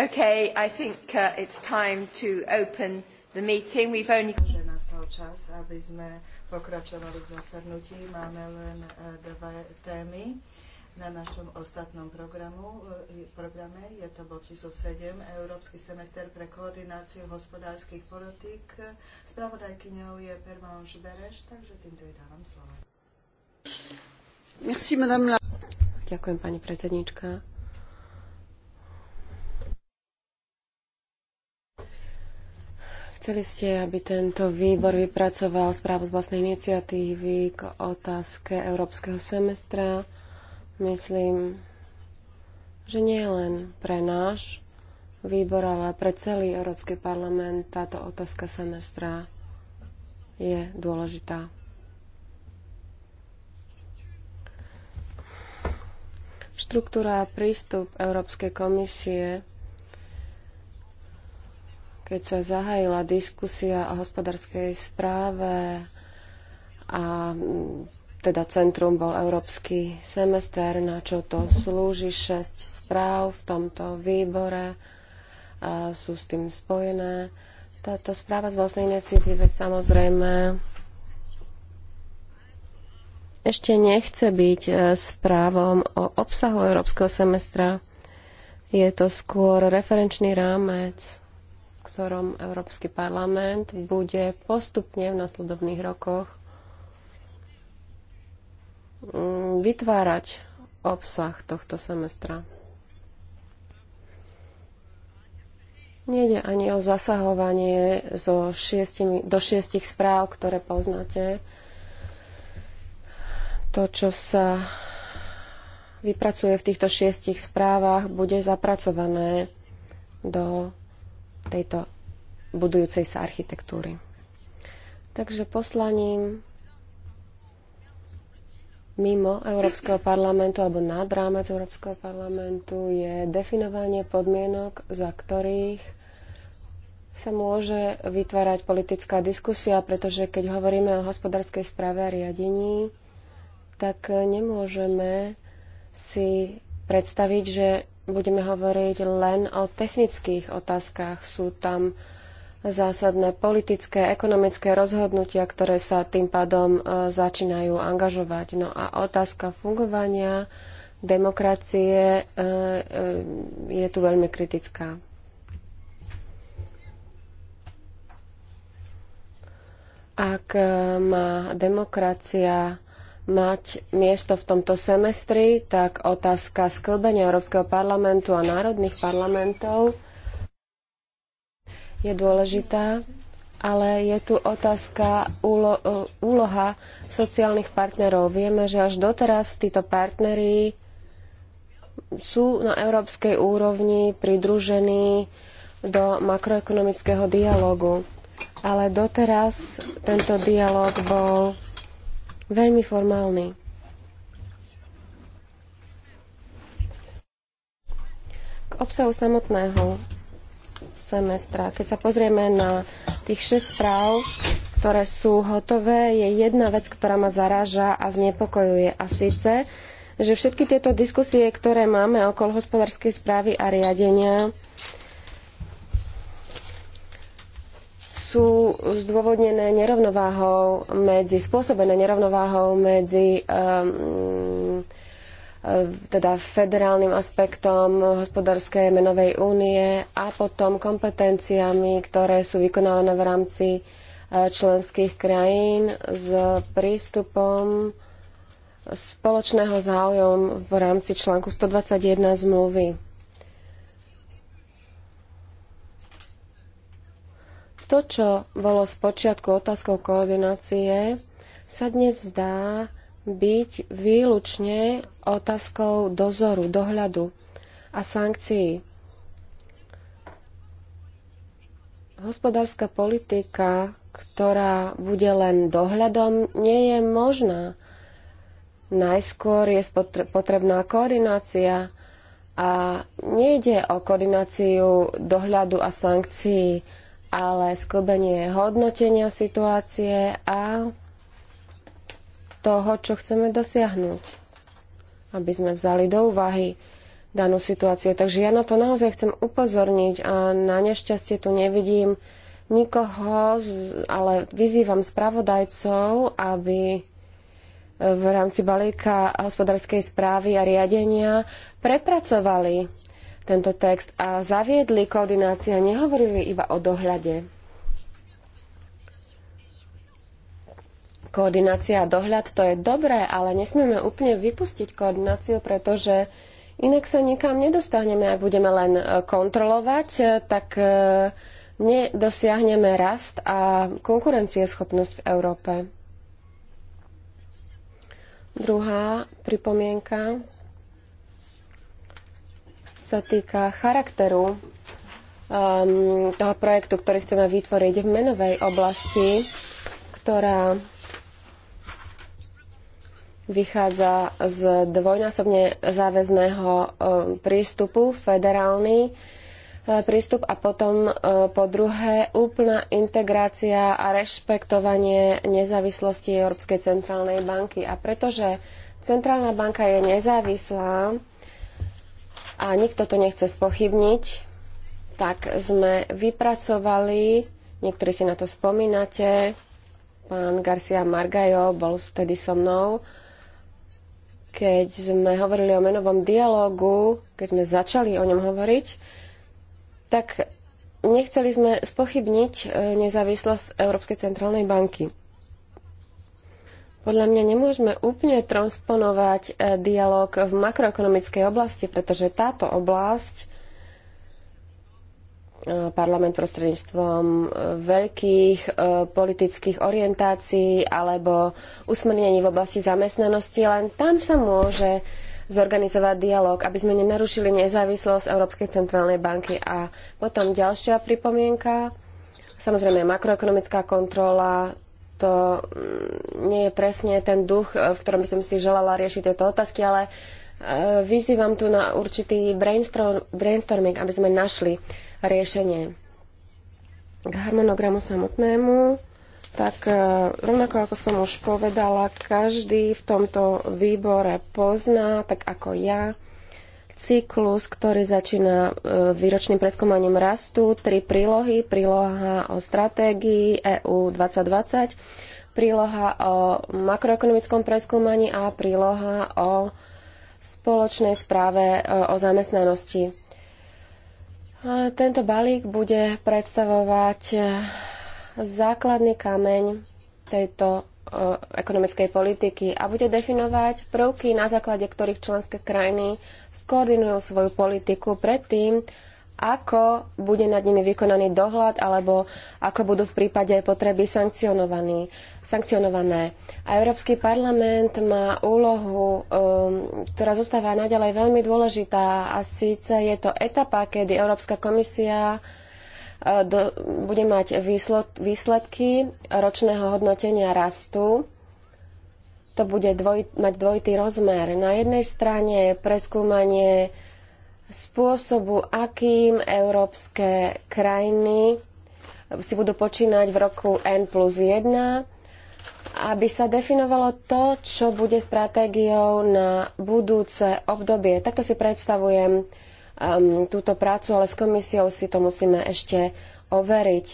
Okay, I think uh, it's time to open the meeting. We've only... Že nastal čas, aby sme pokračovali v zasadnutí. Máme len uh, dve témy na našom ostatnom programu, uh, programe. Je to bod číslo 7, Európsky semester pre koordináciu hospodárskych politík. Spravodajkyňou je Permanš Bereš, takže týmto jej dávam slovo. Merci, madame la... Ďakujem, pani predsednička. Chceli ste, aby tento výbor vypracoval správu z vlastnej iniciatívy k otázke európskeho semestra. Myslím, že nie len pre náš výbor, ale pre celý Európsky parlament táto otázka semestra je dôležitá. Štruktúra a prístup Európskej komisie keď sa zahájila diskusia o hospodárskej správe a mm, teda centrum bol európsky semester, na čo to slúži, šesť správ v tomto výbore a sú s tým spojené. Táto správa z vlastnej iniciatívy samozrejme ešte nechce byť e, správom o obsahu európskeho semestra. Je to skôr referenčný rámec ktorom Európsky parlament bude postupne v nasledovných rokoch mm, vytvárať obsah tohto semestra. Nejde ani o zasahovanie zo šiestimi, do šiestich správ, ktoré poznáte. To, čo sa vypracuje v týchto šiestich správach, bude zapracované do tejto budujúcej sa architektúry. Takže poslaním mimo Európskeho parlamentu alebo nad rámec Európskeho parlamentu je definovanie podmienok, za ktorých sa môže vytvárať politická diskusia, pretože keď hovoríme o hospodárskej správe a riadení, tak nemôžeme si predstaviť, že budeme hovoriť len o technických otázkach. Sú tam zásadné politické, ekonomické rozhodnutia, ktoré sa tým pádom e, začínajú angažovať. No a otázka fungovania demokracie e, e, je tu veľmi kritická. Ak má demokracia mať miesto v tomto semestri, tak otázka sklbenia Európskeho parlamentu a národných parlamentov je dôležitá, ale je tu otázka úlo- e, úloha sociálnych partnerov. Vieme, že až doteraz títo partnery sú na európskej úrovni pridružení do makroekonomického dialogu. Ale doteraz tento dialog bol veľmi formálny. K obsahu samotného semestra. Keď sa pozrieme na tých 6 správ, ktoré sú hotové, je jedna vec, ktorá ma zaráža a znepokojuje. A síce, že všetky tieto diskusie, ktoré máme okolo hospodárskej správy a riadenia, sú zdôvodnené nerovnováhou medzi, spôsobené nerovnováhou medzi um, e, teda federálnym aspektom hospodárskej menovej únie a potom kompetenciami, ktoré sú vykonávané v rámci e, členských krajín s prístupom spoločného záujmu v rámci článku 121 zmluvy. To, čo bolo spočiatku otázkou koordinácie, sa dnes zdá byť výlučne otázkou dozoru, dohľadu a sankcií. Hospodárska politika, ktorá bude len dohľadom, nie je možná. Najskôr je potrebná koordinácia a nejde o koordináciu dohľadu a sankcií ale sklbenie hodnotenia situácie a toho, čo chceme dosiahnuť, aby sme vzali do úvahy danú situáciu. Takže ja na to naozaj chcem upozorniť a na nešťastie tu nevidím nikoho, ale vyzývam spravodajcov, aby v rámci balíka hospodárskej správy a riadenia prepracovali tento text a zaviedli koordináciu a nehovorili iba o dohľade. Koordinácia a dohľad to je dobré, ale nesmieme úplne vypustiť koordináciu, pretože inak sa nikam nedostaneme. Ak budeme len e, kontrolovať, e, tak e, nedosiahneme rast a konkurencieschopnosť v Európe. Druhá pripomienka sa týka charakteru um, toho projektu, ktorý chceme vytvoriť v menovej oblasti, ktorá vychádza z dvojnásobne záväzného um, prístupu, federálny um, prístup a potom um, po druhé úplná integrácia a rešpektovanie nezávislosti Európskej centrálnej banky. A pretože Centrálna banka je nezávislá, a nikto to nechce spochybniť, tak sme vypracovali, niektorí si na to spomínate, pán Garcia Margajo bol vtedy so mnou, keď sme hovorili o menovom dialogu, keď sme začali o ňom hovoriť, tak nechceli sme spochybniť eh, nezávislosť Európskej centrálnej banky. Podľa mňa nemôžeme úplne transponovať e, dialog v makroekonomickej oblasti, pretože táto oblasť e, parlament prostredníctvom e, veľkých politických orientácií alebo usmernení v oblasti zamestnanosti, len tam sa môže zorganizovať dialog, aby sme nenarušili nezávislosť Európskej centrálnej banky. A potom ďalšia pripomienka, samozrejme makroekonomická kontrola, to mm, nie je presne ten duch, e, v ktorom by som si želala riešiť tieto otázky, ale e, vyzývam tu na určitý brainstorming, aby sme našli riešenie. K harmonogramu samotnému, tak e, rovnako ako som už povedala, každý v tomto výbore pozná, tak ako ja, cyklus, ktorý začína e, výročným preskúmaním rastu, tri prílohy, príloha o stratégii EU 2020, príloha o makroekonomickom preskúmaní a príloha o spoločnej správe e, o zamestnanosti. E, tento balík bude predstavovať základný kameň tejto ekonomickej politiky a bude definovať prvky, na základe ktorých členské krajiny skoordinujú svoju politiku predtým, ako bude nad nimi vykonaný dohľad alebo ako budú v prípade potreby sankcionované. A Európsky parlament má úlohu, um, ktorá zostáva naďalej veľmi dôležitá a síce je to etapa, kedy Európska komisia uh, do, bude mať výsledky ročného hodnotenia rastu. To bude dvoj, mať dvojitý rozmer. Na jednej strane preskúmanie spôsobu, akým európske krajiny si budú počínať v roku N plus 1, aby sa definovalo to, čo bude stratégiou na budúce obdobie. Takto si predstavujem um, túto prácu, ale s komisiou si to musíme ešte overiť.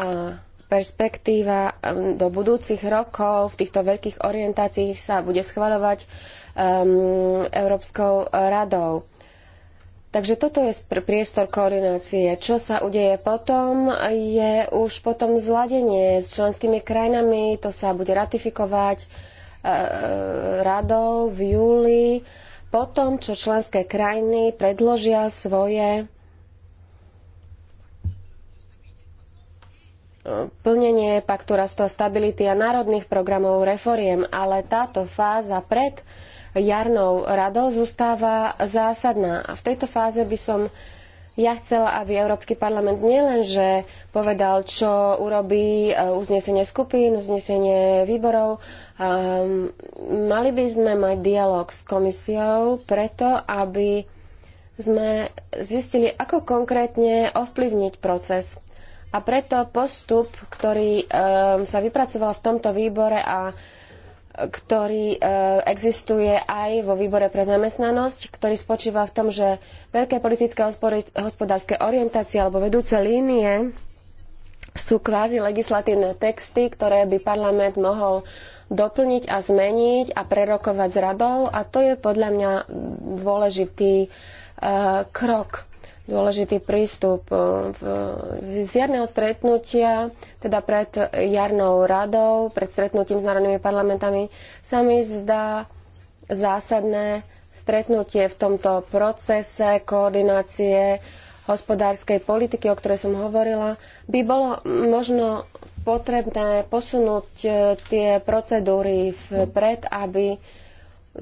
A perspektíva ehm, do budúcich rokov v týchto veľkých orientáciách sa bude schvaľovať um, Európskou radou. Takže toto je priestor koordinácie. Čo sa udeje potom, je už potom zladenie s členskými krajinami, to sa bude ratifikovať e, radou v júli po tom, čo členské krajiny predložia svoje e, plnenie paktu rastu a stability a národných programov reforiem, ale táto fáza pred jarnou radou zostáva zásadná. A v tejto fáze by som ja chcela, aby Európsky parlament nielenže povedal, čo urobí e, uznesenie skupín, uznesenie výborov, Um, mali by sme mať dialog s komisiou preto, aby sme zistili, ako konkrétne ovplyvniť proces. A preto postup, ktorý um, sa vypracoval v tomto výbore a ktorý e, existuje aj vo výbore pre zamestnanosť, ktorý spočíva v tom, že veľké politické hospodárske orientácie alebo vedúce línie sú kvázi legislatívne texty, ktoré by parlament mohol doplniť a zmeniť a prerokovať s radou a to je podľa mňa dôležitý uh, krok, dôležitý prístup. E, z jarného stretnutia, teda pred jarnou radou, pred stretnutím s národnými parlamentami, sa mi zdá zásadné stretnutie v tomto procese koordinácie uh, hospodárskej politiky, o ktorej som hovorila, by bolo možno potrebné posunúť e, tie procedúry vpred, aby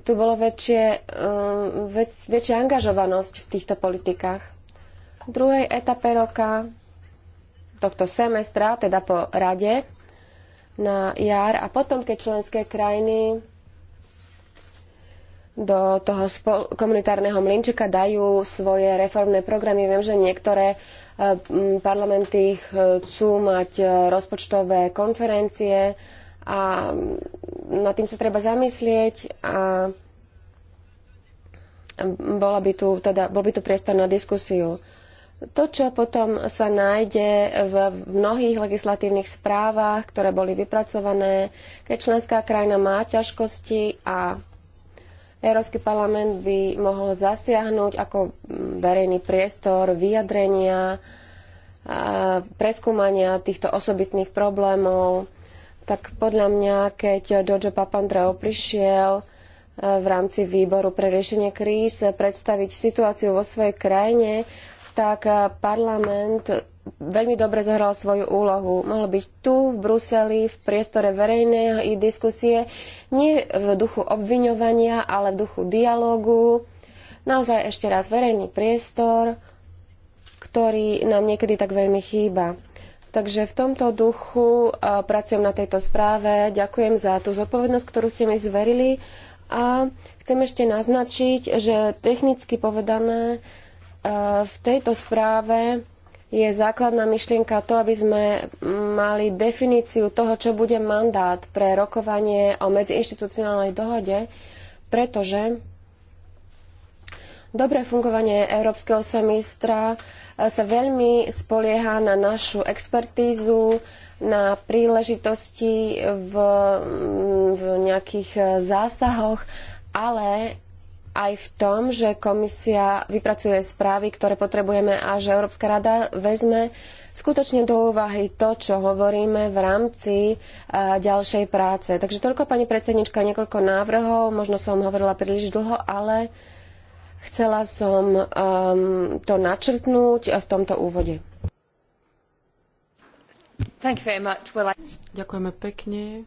tu bolo väčšie, e, väč, väčšia angažovanosť v týchto politikách. V druhej etape roka tohto semestra, teda po rade na jar a potom, keď členské krajiny do toho komunitárneho mlinčeka dajú svoje reformné programy. Viem, že niektoré e, parlamenty e, chcú mať e, rozpočtové konferencie a nad tým sa treba zamyslieť a bola by tu, teda, bol by tu priestor na diskusiu. To, čo potom sa nájde v mnohých legislatívnych správach, ktoré boli vypracované, keď členská krajina má ťažkosti a Európsky parlament by mohol zasiahnuť ako mm, verejný priestor vyjadrenia, preskúmania týchto osobitných problémov. Tak podľa mňa, keď Dojo Papandreou prišiel e, v rámci výboru pre riešenie kríz predstaviť situáciu vo svojej krajine, tak e, parlament veľmi dobre zohral svoju úlohu. Mohol byť tu, v Bruseli, v priestore verejnej i diskusie, nie v duchu obviňovania, ale v duchu dialogu. Naozaj ešte raz verejný priestor, ktorý nám niekedy tak veľmi chýba. Takže v tomto duchu pracujem na tejto správe. Ďakujem za tú zodpovednosť, ktorú ste mi zverili. A chcem ešte naznačiť, že technicky povedané v tejto správe je základná myšlienka to, aby sme mali definíciu toho, čo bude mandát pre rokovanie o medziinštitucionálnej dohode, pretože dobré fungovanie európskeho semestra eh, sa veľmi spolieha na našu expertízu, na príležitosti v, mm, v nejakých eh, zásahoch, ale aj v tom, že komisia vypracuje správy, ktoré potrebujeme a že Európska rada vezme skutočne do úvahy to, čo hovoríme v rámci e, ďalšej práce. Takže toľko, pani predsednička, niekoľko návrhov. Možno som hovorila príliš dlho, ale chcela som um, to načrtnúť v tomto úvode. Well, I... Ďakujeme pekne.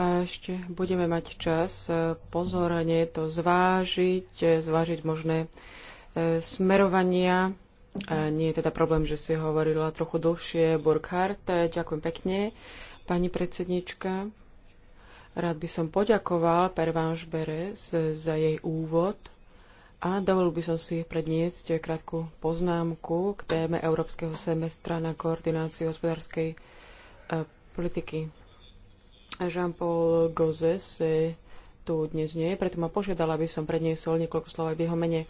A ešte budeme mať čas e, pozorne to zvážiť, e, zvážiť možné e, smerovania. Nie je teda problém, že si hovorila trochu dlhšie Burkhardt. Ďakujem pekne, pani predsednička. Rád by som poďakoval Pervánž Beres za jej úvod a dovolil by som si predniesť krátku poznámku k téme Európskeho semestra na koordináciu hospodárskej politiky. Jean-Paul Gozes tu dnes nie je, preto ma požiadala, aby som predniesol niekoľko slov aj v jeho mene.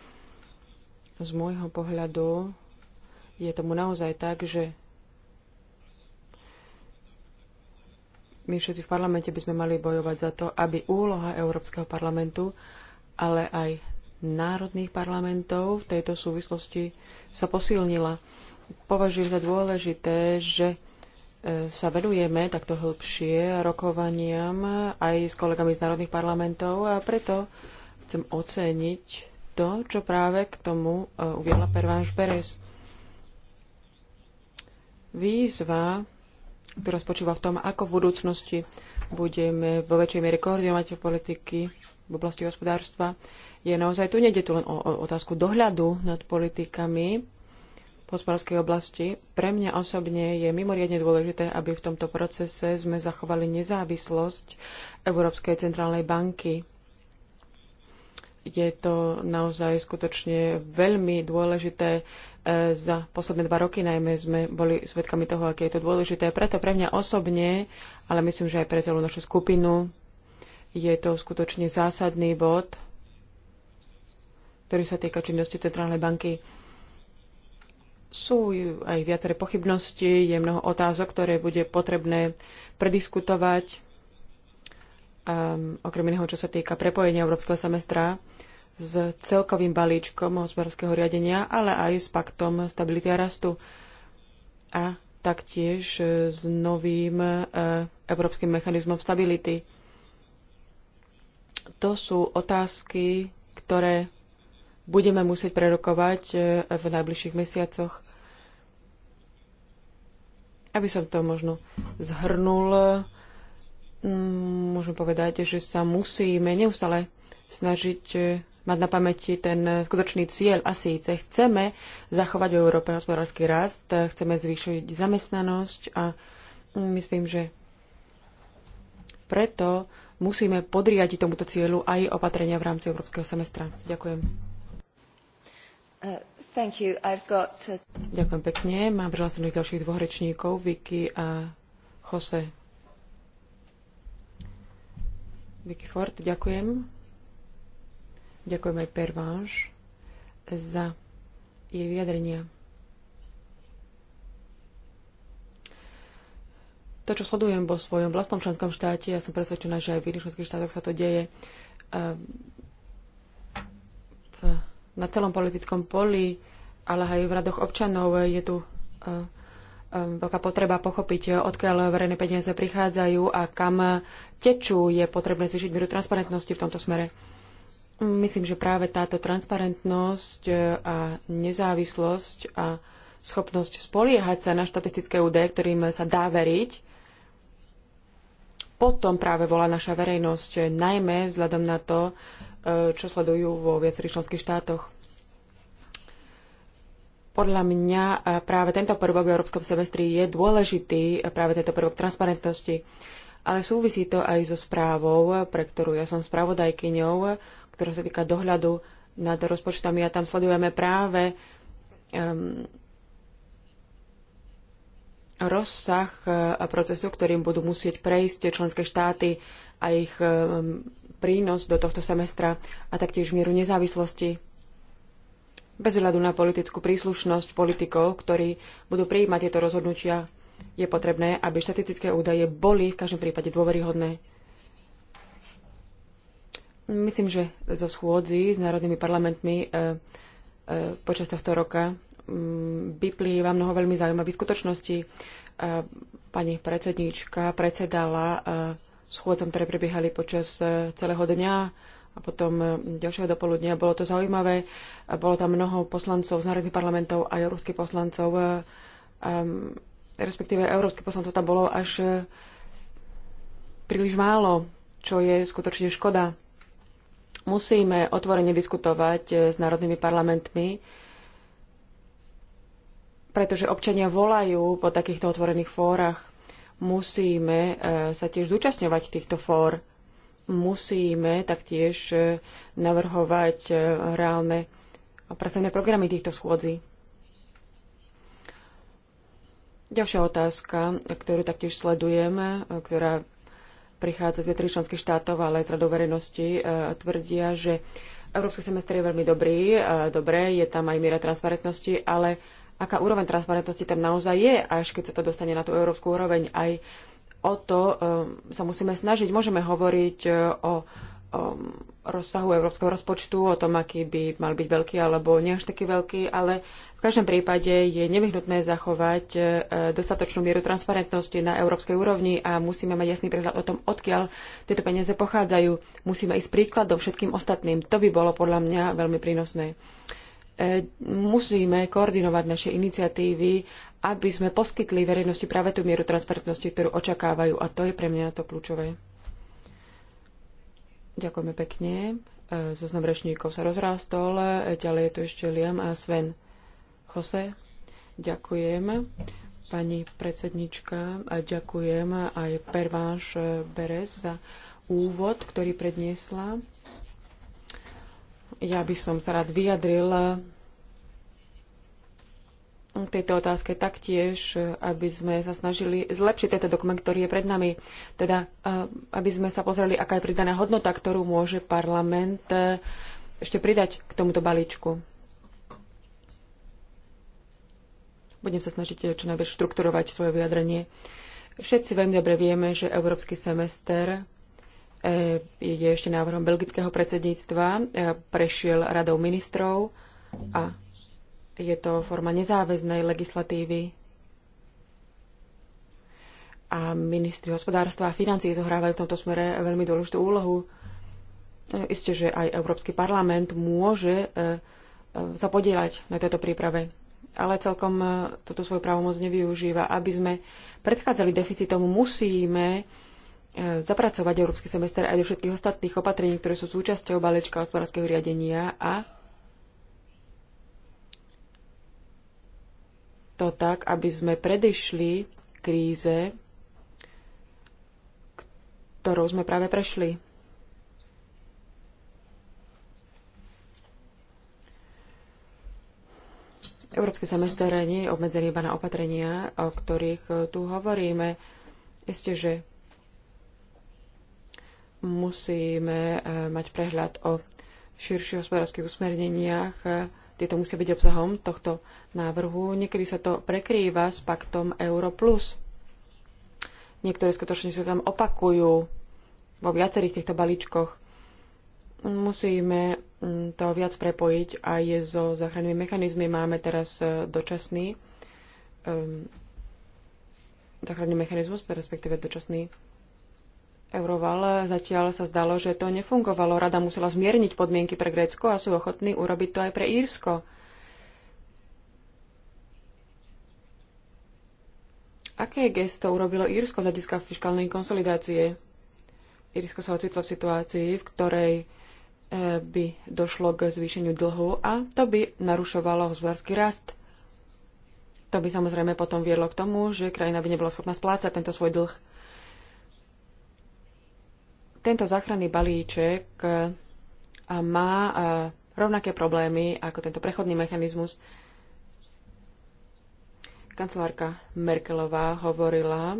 Z môjho pohľadu je tomu naozaj tak, že my všetci v parlamente by sme mali bojovať za to, aby úloha Európskeho parlamentu, ale aj národných parlamentov v tejto súvislosti sa posilnila. Považujem za dôležité, že E, sa venujeme takto hĺbšie rokovaniam aj s kolegami z národných parlamentov a preto chcem oceniť to, čo práve k tomu e, uviedla Pervanš Beres. Výzva, ktorá spočíva v tom, ako v budúcnosti budeme vo väčšej miere koordinovať politiky v oblasti hospodárstva, je naozaj tu, nejde tu len o, o otázku dohľadu nad politikami, v hospodárskej oblasti. Pre mňa osobne je mimoriadne dôležité, aby v tomto procese sme zachovali nezávislosť Európskej centrálnej banky. Je to naozaj skutočne veľmi dôležité. E, za posledné dva roky najmä sme boli svedkami toho, aké je to dôležité. Preto pre mňa osobne, ale myslím, že aj pre celú našu skupinu, je to skutočne zásadný bod, ktorý sa týka činnosti Centrálnej banky sú aj viaceré pochybnosti, je mnoho otázok, ktoré bude potrebné prediskutovať. Um, okrem iného, čo sa týka prepojenia Európskeho semestra s celkovým balíčkom hospodárskeho riadenia, ale aj s paktom stability a rastu a taktiež e, s novým uh, európskym mechanizmom stability. To sú otázky, ktoré budeme musieť prerokovať e, v najbližších mesiacoch. Aby som to možno zhrnul, mm, môžem povedať, že sa musíme neustále snažiť e, mať na pamäti ten skutočný cieľ a síce chceme zachovať v Európe hospodársky rast, chceme zvýšiť zamestnanosť a mm, myslím, že preto musíme podriadiť tomuto cieľu aj opatrenia v rámci Európskeho semestra. Ďakujem. Uh, got... Uh, ďakujem pekne. Mám prihlásených ďalších dvoch rečníkov, Vicky a Jose. Vicky Ford, ďakujem. Ďakujem aj Perváš za jej vyjadrenia. To, čo sledujem vo svojom vlastnom členskom štáte, ja som presvedčená, že aj v iných členských štátoch sa to deje ehm, v na celom politickom poli, ale aj v radoch občanov je tu eh, eh, veľká potreba pochopiť, eh, odkiaľ verejné peniaze prichádzajú a kam tečú. Je potrebné zvýšiť mieru transparentnosti v tomto smere. Myslím, že práve táto transparentnosť a nezávislosť a schopnosť spoliehať sa na štatistické údaje, ktorým sa dá veriť, potom práve volá naša verejnosť, najmä vzhľadom na to, E, čo sledujú vo viacerých členských štátoch. Podľa mňa e, práve tento prvok v európskom semestri je dôležitý, e, práve tento prvok transparentnosti, ale súvisí to aj so správou, pre ktorú ja som spravodajkyňou, ktorá sa týka dohľadu nad rozpočtami a tam sledujeme práve um, rozsah procesu, ktorým budú musieť prejsť členské štáty a ich um, prínos do tohto semestra a taktiež mieru nezávislosti bez ohľadu na politickú príslušnosť politikov, ktorí budú prijímať tieto rozhodnutia, je potrebné, aby štatistické údaje boli v každom prípade dôveryhodné. Myslím, že zo schôdzi s národnými parlamentmi e, e, počas tohto roka mm, vyplýva mnoho veľmi zaujímavých skutočností. E, pani predsedníčka predsedala e, schôdzam, ktoré prebiehali počas e, celého dňa a potom e, ďalšieho dopoludnia. Bolo to zaujímavé. Bolo tam mnoho poslancov z národných parlamentov a európskych poslancov. Um, respektíve európskych poslancov tam bolo až príliš málo, čo je skutočne škoda. Musíme otvorene diskutovať s národnými parlamentmi, pretože občania volajú po takýchto otvorených fórach musíme e, sa tiež zúčastňovať týchto fór. Musíme taktiež e, navrhovať e, reálne pracovné programy týchto schôdzí. Ďalšia otázka, ktorú taktiež sledujem, ktorá prichádza z viacerých členských štátov, ale aj z radou verejnosti, tvrdia, že Európsky semestr je veľmi dobrý, dobre, je tam aj miera transparentnosti, ale aká úroveň transparentnosti tam naozaj je, až keď sa to dostane na tú európsku úroveň. Aj o to um, sa musíme snažiť. Môžeme hovoriť uh, o, um, rozsahu európskeho rozpočtu, o tom, aký by mal byť veľký alebo nie až taký veľký, ale v každom prípade je nevyhnutné zachovať uh, dostatočnú mieru transparentnosti na európskej úrovni a musíme mať jasný prehľad o tom, odkiaľ tieto peniaze pochádzajú. Musíme ísť príkladom všetkým ostatným. To by bolo podľa mňa veľmi prínosné. E, musíme koordinovať naše iniciatívy, aby sme poskytli verejnosti práve tú mieru transparentnosti, ktorú očakávajú. A to je pre mňa to kľúčové. Ďakujeme pekne. E, zoznam rečníkov sa rozrástol. E, ďalej je tu ešte Liam a Sven. Jose, ďakujem. Pani predsednička, a ďakujem aj Perváš Beres za úvod, ktorý predniesla. Ja by som sa rád vyjadril tejto otázke taktiež, aby sme sa snažili zlepšiť tento dokument, ktorý je pred nami. Teda, aby sme sa pozreli, aká je pridaná hodnota, ktorú môže parlament e, ešte pridať k tomuto balíčku. Budem sa snažiť e, čo najviac štrukturovať svoje vyjadrenie. Všetci veľmi dobre vieme, že európsky semester E, je ešte návrhom belgického predsedníctva, e, prešiel radou ministrov a je to forma nezáväznej legislatívy. A ministri hospodárstva a financií zohrávajú v tomto smere veľmi dôležitú úlohu. E, isté, že aj Európsky parlament môže sa podielať na tejto príprave ale celkom túto svoju právomoc nevyužíva. Aby sme predchádzali deficitom, musíme E, zapracovať európsky semester aj do všetkých ostatných opatrení, ktoré sú súčasťou balečka hospodárskeho riadenia a to tak, aby sme predišli kríze, ktorou sme práve prešli. Európsky semester nie je obmedzený iba na opatrenia, o ktorých tu hovoríme. Isté, že musíme e, mať prehľad o širších hospodárskych usmerneniach. E, tieto musia byť obsahom tohto návrhu. Niekedy sa to prekrýva s paktom Euro+. Plus. Niektoré skutočne sa tam opakujú vo viacerých týchto balíčkoch. Musíme to viac prepojiť aj so záchrannými mechanizmy. Máme teraz e, dočasný um, záchranný mechanizmus, respektíve dočasný Euroval. Zatiaľ sa zdalo, že to nefungovalo. Rada musela zmierniť podmienky pre Grécko a sú ochotní urobiť to aj pre Írsko. Aké gesto urobilo Írsko z hľadiska fiskálnej konsolidácie? Írsko sa ocitlo v situácii, v ktorej eh, by došlo k zvýšeniu dlhu a to by narušovalo hospodársky rast. To by samozrejme potom viedlo k tomu, že krajina by nebola schopná splácať tento svoj dlh. Tento záchranný balíček e, má e, rovnaké problémy ako tento prechodný mechanizmus. Kancelárka Merkelová hovorila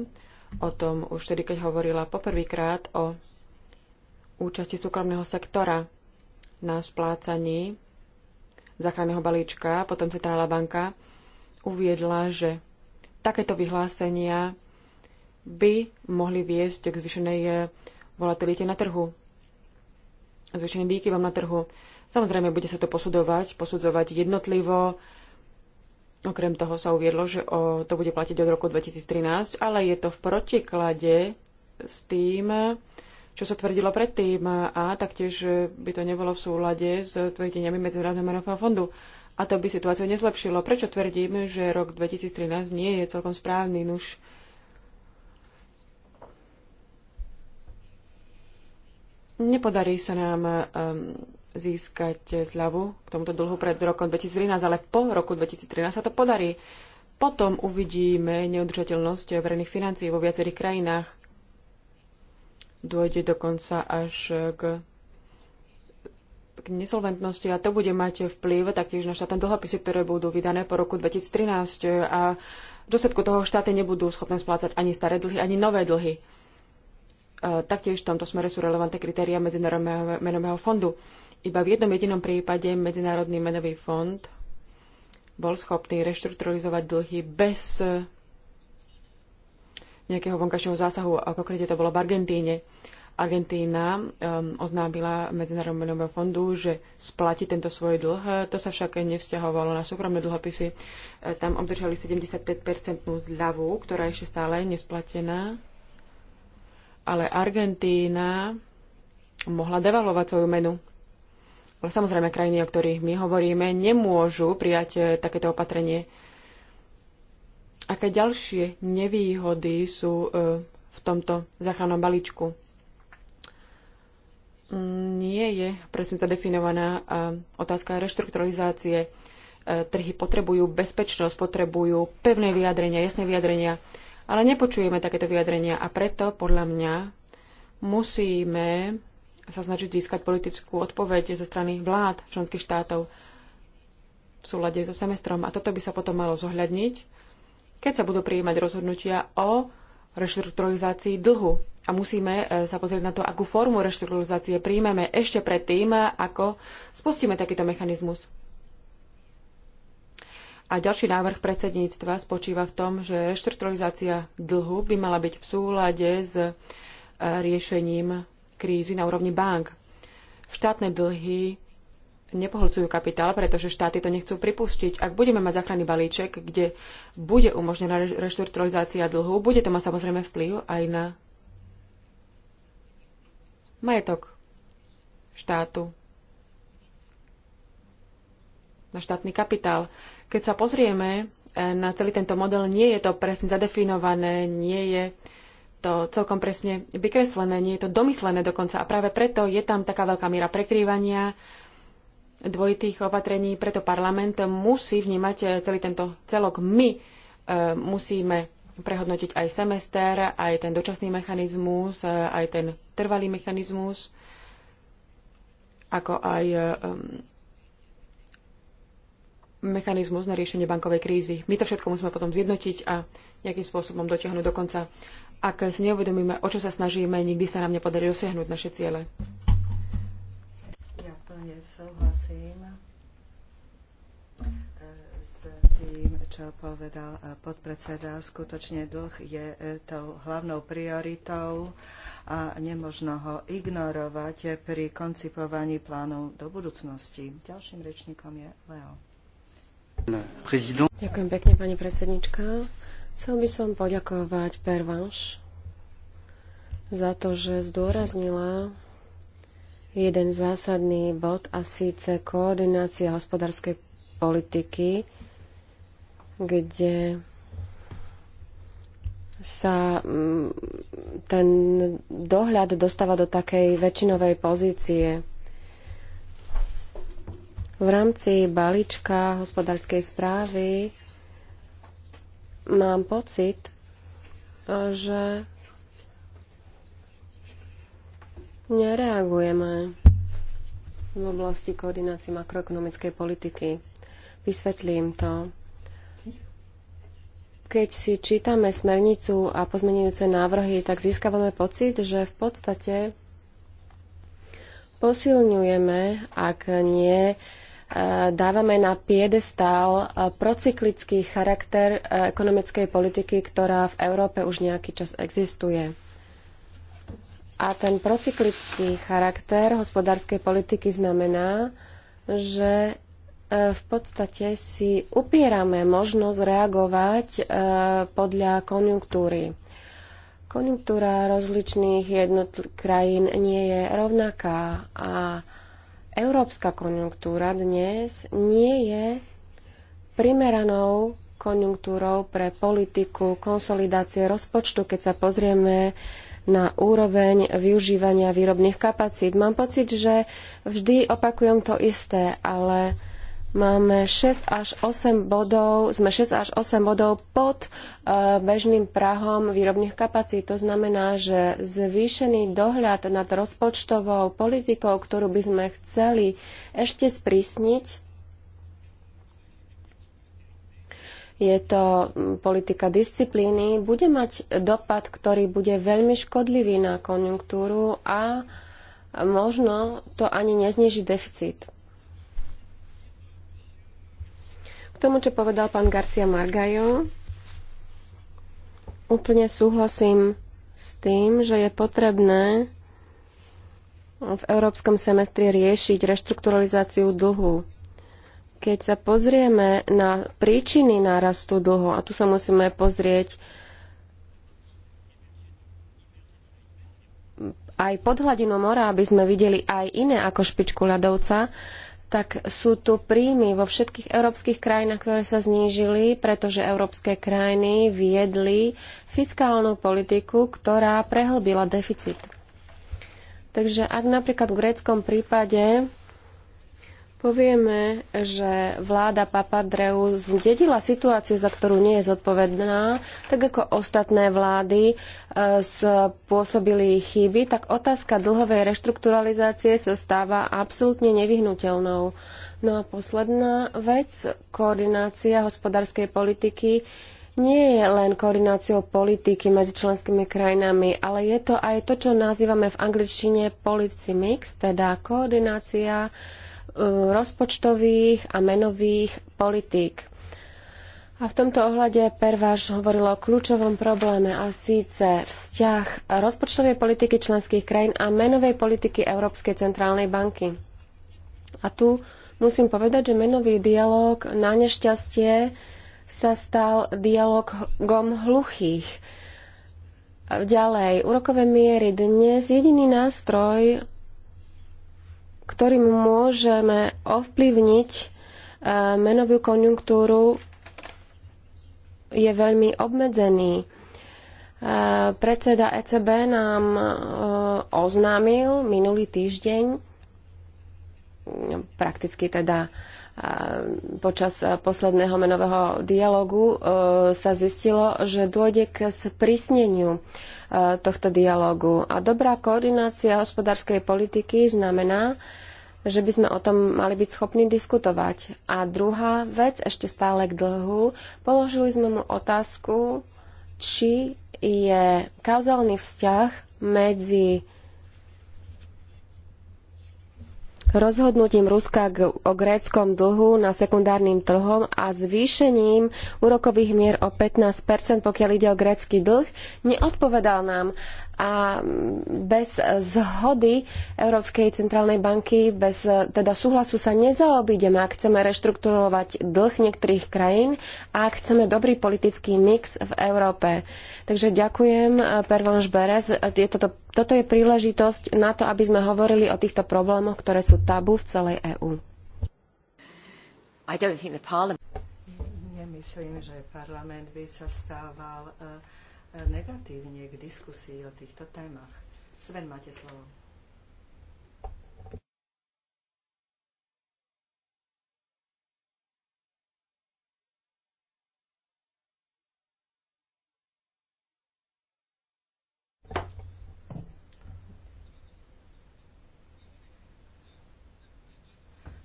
o tom už vtedy, keď hovorila poprvýkrát o účasti súkromného sektora na splácaní záchranného balíčka, potom Centrálna banka uviedla, že takéto vyhlásenia by mohli viesť k zvyšenej e, volatilite na trhu, zvýšeným výkyvom na trhu. Samozrejme, bude sa to posudovať, posudzovať jednotlivo. Okrem toho sa uviedlo, že o, to bude platiť od roku 2013, ale je to v protiklade s tým, čo sa tvrdilo predtým a taktiež by to nebolo v súlade s tvrdeniami Medzinárodného menového fondu. A to by situáciu nezlepšilo. Prečo tvrdím, že rok 2013 nie je celkom správny? Nuž Nepodarí sa nám ehm, získať zľavu k tomuto dlhu pred rokom 2013, ale po roku 2013 sa to podarí. Potom uvidíme neudržateľnosť verejných financií vo viacerých krajinách. Dôjde dokonca až k k nesolventnosti a to bude mať vplyv taktiež na štátne dlhopisy, ktoré budú vydané po roku 2013 a v dôsledku toho štáty nebudú schopné splácať ani staré dlhy, ani nové dlhy. E, taktiež v tomto smere sú relevantné kritéria Medzinárodného menového fondu. Iba v jednom jedinom prípade Medzinárodný menový fond bol schopný reštrukturalizovať dlhy bez nejakého vonkačného zásahu, a konkrétne to bolo v Argentíne. Argentína um, oznámila Medzinárodnému menovému fondu, že splatí tento svoj dlh. To sa však nevzťahovalo na súkromné dlhopisy. E, tam obdržali 75-percentnú zľavu, ktorá je ešte stále nesplatená ale Argentína mohla devalovať svoju menu. Ale samozrejme, krajiny, o ktorých my hovoríme, nemôžu prijať eh, takéto opatrenie. Aké ďalšie nevýhody sú eh, v tomto záchrannom balíčku? Mm, nie je presne zadefinovaná eh, otázka reštrukturalizácie. Trhy potrebujú bezpečnosť, potrebujú pevné vyjadrenia, jasné vyjadrenia. Ale nepočujeme takéto vyjadrenia a preto podľa mňa musíme sa snažiť získať politickú odpoveď zo strany vlád členských štátov v súlade so semestrom. A toto by sa potom malo zohľadniť, keď sa budú prijímať rozhodnutia o reštrukturalizácii dlhu. A musíme e, sa pozrieť na to, akú formu reštrukturalizácie príjmeme ešte predtým, ako spustíme takýto mechanizmus. A ďalší návrh predsedníctva spočíva v tom, že reštrukturalizácia dlhu by mala byť v súlade s e, riešením krízy na úrovni bank. Štátne dlhy nepoholcujú kapitál, pretože štáty to nechcú pripustiť. Ak budeme mať záchranný balíček, kde bude umožnená reštrukturalizácia dlhu, bude to mať samozrejme vplyv aj na majetok štátu, na štátny kapitál. Keď sa pozrieme e, na celý tento model, nie je to presne zadefinované, nie je to celkom presne vykreslené, nie je to domyslené dokonca. A práve preto je tam taká veľká miera prekrývania dvojitých opatrení, preto parlament musí vnímať e, celý tento celok. My e, musíme prehodnotiť aj semester, aj ten dočasný mechanizmus, e, aj ten trvalý mechanizmus, ako aj mechanizmus na riešenie bankovej krízy. My to všetko musíme potom zjednotiť a nejakým spôsobom dotiahnuť do konca. Ak si neuvedomíme, o čo sa snažíme, nikdy sa nám nepodarí dosiahnuť naše ciele. Ja plne súhlasím eh, s tým, čo povedal eh, podpredseda. Skutočne dlh je eh, tou hlavnou prioritou a nemožno ho ignorovať pri koncipovaní plánov do budúcnosti. Ďalším rečníkom je Leo. Ďakujem pekne, pani predsednička. Chcel by som poďakovať Pervanš za to, že zdôraznila jeden zásadný bod a síce koordinácia hospodárskej politiky, kde sa mm, ten dohľad dostáva do takej väčšinovej pozície v rámci balíčka hospodárskej správy mám pocit, že nereagujeme v oblasti koordinácie makroekonomickej politiky. Vysvetlím to. Keď si čítame smernicu a pozmenujúce návrhy, tak získavame pocit, že v podstate posilňujeme, ak nie dávame na piedestál eh, procyklický charakter eh, ekonomickej politiky, ktorá v Európe už nejaký čas existuje. A ten procyklický charakter hospodárskej politiky znamená, že eh, v podstate si upierame možnosť reagovať podľa konjunktúry. Konjunktúra rozličných jednotl- krajín nie je rovnaká a európska konjunktúra dnes nie je primeranou konjunktúrou pre politiku konsolidácie rozpočtu, keď sa pozrieme na úroveň využívania výrobných kapacít. Mám pocit, že vždy opakujem to isté, ale Máme 6 až 8 bodov, sme 6 až 8 bodov pod e, bežným prahom výrobných kapacít. To znamená, že zvýšený dohľad nad rozpočtovou politikou, ktorú by sme chceli ešte sprísniť, je to politika disciplíny, bude mať dopad, ktorý bude veľmi škodlivý na konjunktúru a možno to ani nezniží deficit. tomu, čo povedal pán Garcia Margajo, úplne súhlasím s tým, že je potrebné v európskom semestri riešiť reštrukturalizáciu dlhu. Keď sa pozrieme na príčiny nárastu dlhu, a tu sa musíme pozrieť aj pod hladinou mora, aby sme videli aj iné ako špičku ľadovca, tak sú tu príjmy vo všetkých európskych krajinách, ktoré sa znížili, pretože európske krajiny viedli fiskálnu politiku, ktorá prehlbila deficit. Takže ak napríklad v gréckom prípade povieme, že vláda Papadreu zdedila situáciu, za ktorú nie je zodpovedná, tak ako ostatné vlády e, spôsobili chyby, tak otázka dlhovej reštrukturalizácie sa stáva absolútne nevyhnutelnou. No a posledná vec, koordinácia hospodárskej politiky nie je len koordináciou politiky medzi členskými krajinami, ale je to aj to, čo nazývame v angličtine policy mix, teda koordinácia rozpočtových a menových politík. A v tomto ohľade Perváš hovoril o kľúčovom probléme a síce vzťah rozpočtovej politiky členských krajín a menovej politiky Európskej centrálnej banky. A tu musím povedať, že menový dialog na nešťastie sa stal dialogom hluchých. Ďalej, úrokové miery dnes jediný nástroj, ktorým môžeme ovplyvniť e, menovú konjunktúru, je veľmi obmedzený. E, predseda ECB nám e, oznámil minulý týždeň, prakticky teda počas posledného menového dialogu, sa zistilo, že dôjde k sprísneniu tohto dialógu. A dobrá koordinácia hospodárskej politiky znamená, že by sme o tom mali byť schopní diskutovať. A druhá vec, ešte stále k dlhu, položili sme mu otázku, či je kauzálny vzťah medzi rozhodnutím Ruska o gréckom dlhu na sekundárnym trhom a zvýšením úrokových mier o 15 pokiaľ ide o grécky dlh, neodpovedal nám a bez zhody Európskej centrálnej banky, bez teda súhlasu sa nezaobídeme, ak chceme reštrukturovať dlh niektorých krajín a ak chceme dobrý politický mix v Európe. Takže ďakujem, eh, Pervanš Berez. Je toto, toto je príležitosť na to, aby sme hovorili o týchto problémoch, ktoré sú tabu v celej EÚ. Nemyslím, že parlament by sa stával uh, negatívne k diskusii o týchto témach. Sven, máte slovo.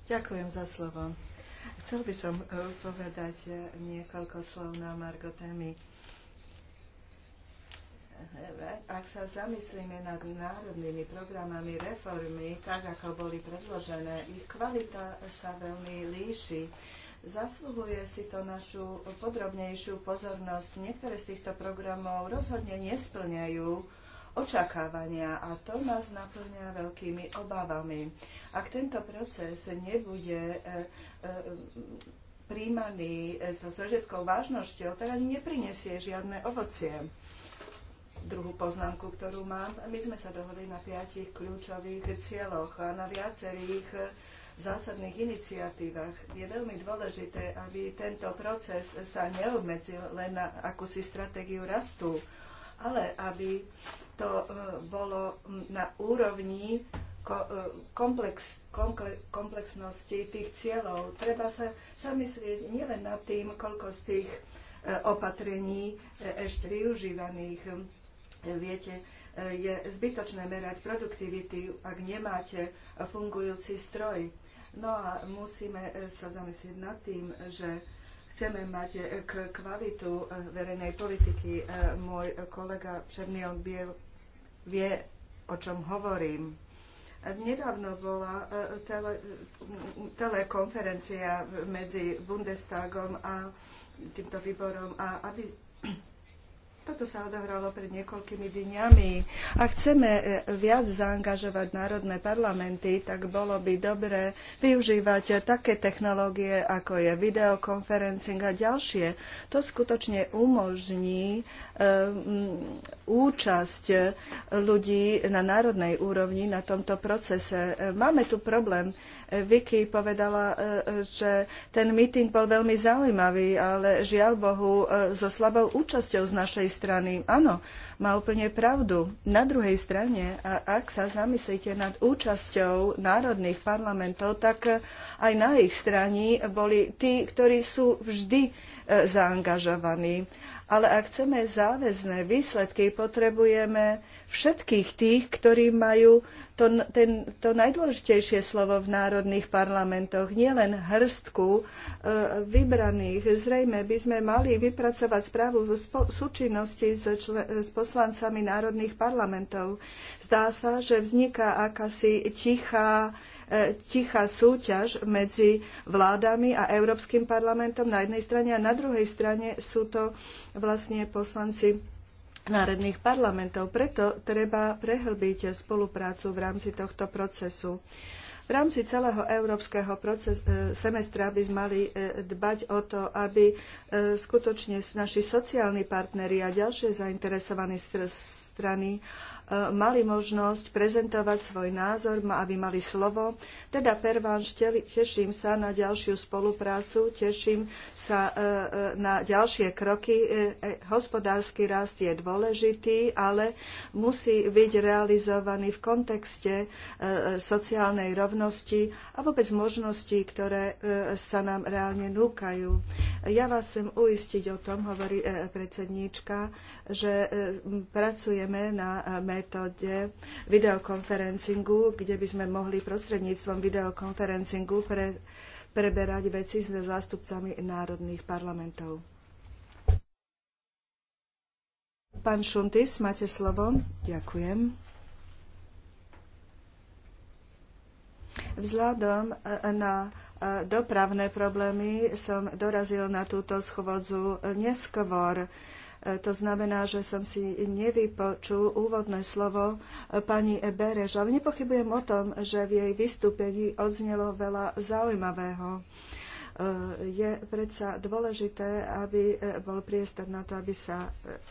Ďakujem za slovo. Chcel by som eh, povedať eh, niekoľko slov na Margo témy ak sa zamyslíme nad národnými programami reformy, tak ako boli predložené, ich kvalita sa veľmi líši. Zasluhuje si to našu podrobnejšiu pozornosť. Niektoré z týchto programov rozhodne nesplňajú očakávania a to nás naplňa veľkými obavami. Ak tento proces nebude e, e, príjmaný so všetkou vážnosťou, tak ani neprinesie žiadne ovocie druhú poznámku, ktorú mám. My sme sa dohodli na piatich kľúčových cieľoch a na viacerých zásadných iniciatívach. Je veľmi dôležité, aby tento proces sa neobmedzil len na akúsi stratégiu rastu, ale aby to e, bolo na úrovni e, komplex, komplexnosti tých cieľov. Treba sa zamyslieť nielen nad tým, koľko z tých e, opatrení ešte využívaných. Viete, e, je zbytočné merať produktivity, ak nemáte fungujúci stroj. No a musíme e, sa zamyslieť nad tým, že chceme mať e, k kvalitu verejnej politiky. Môj kolega Černion Biel vie, o čom hovorím. Nedávno bola tele, telekonferencia medzi Bundestagom a týmto výborom a aby toto sa odohralo pred niekoľkými dňami. A chceme e, viac zaangažovať národné parlamenty, tak bolo by dobre využívať také technológie, ako je videokonferencing a ďalšie. To skutočne umožní e, účasť ľudí na národnej úrovni na tomto procese. E, máme tu problém. Vicky povedala, že ten meeting bol veľmi zaujímavý, ale žiaľ Bohu so slabou účasťou z našej strany, áno, má úplne pravdu. Na druhej strane, ak sa zamyslíte nad účasťou národných parlamentov, tak eh, aj na ich strane boli tí, ktorí sú vždy E, zaangažovaní. Ale ak chceme záväzné výsledky, potrebujeme všetkých tých, ktorí majú to, ten, to najdôležitejšie slovo v národných parlamentoch, nielen hrstku e, vybraných. Zrejme by sme mali vypracovať správu v súčinnosti s, s poslancami národných parlamentov. Zdá sa, že vzniká akási tichá E, tichá súťaž medzi vládami a Európskym parlamentom na jednej strane a na druhej strane sú to vlastne poslanci národných parlamentov. Preto treba prehlbiť spoluprácu v rámci tohto procesu. V rámci celého európskeho proces, e, semestra by sme mali e, dbať o to, aby skutočne naši sociálni partneri a ďalšie zainteresované strany mali možnosť prezentovať svoj názor, aby mali slovo. Teda vás teším sa na ďalšiu spoluprácu, teším sa e, e, na ďalšie kroky. E, hospodársky rast je dôležitý, ale musí byť realizovaný v kontexte sociálnej rovnosti a vôbec možností, ktoré sa nám reálne núkajú. Ja vás chcem uistiť o tom, hovorí predsedníčka, že pracujeme na metóde videokonferencingu, kde by sme mohli prostredníctvom videokonferencingu pre, preberať veci s zástupcami národných parlamentov. Pán Šuntis, máte slovo. Ďakujem. Vzhľadom e, na e, dopravné problémy som dorazil na túto schôdzu neskôr. To znamená, že som si nevypočul úvodné slovo pani Ebereš, ale nepochybujem o tom, že v jej vystúpení odznelo veľa zaujímavého eh, je predsa dôležité, aby eh, bol priestor na to, aby sa, eh,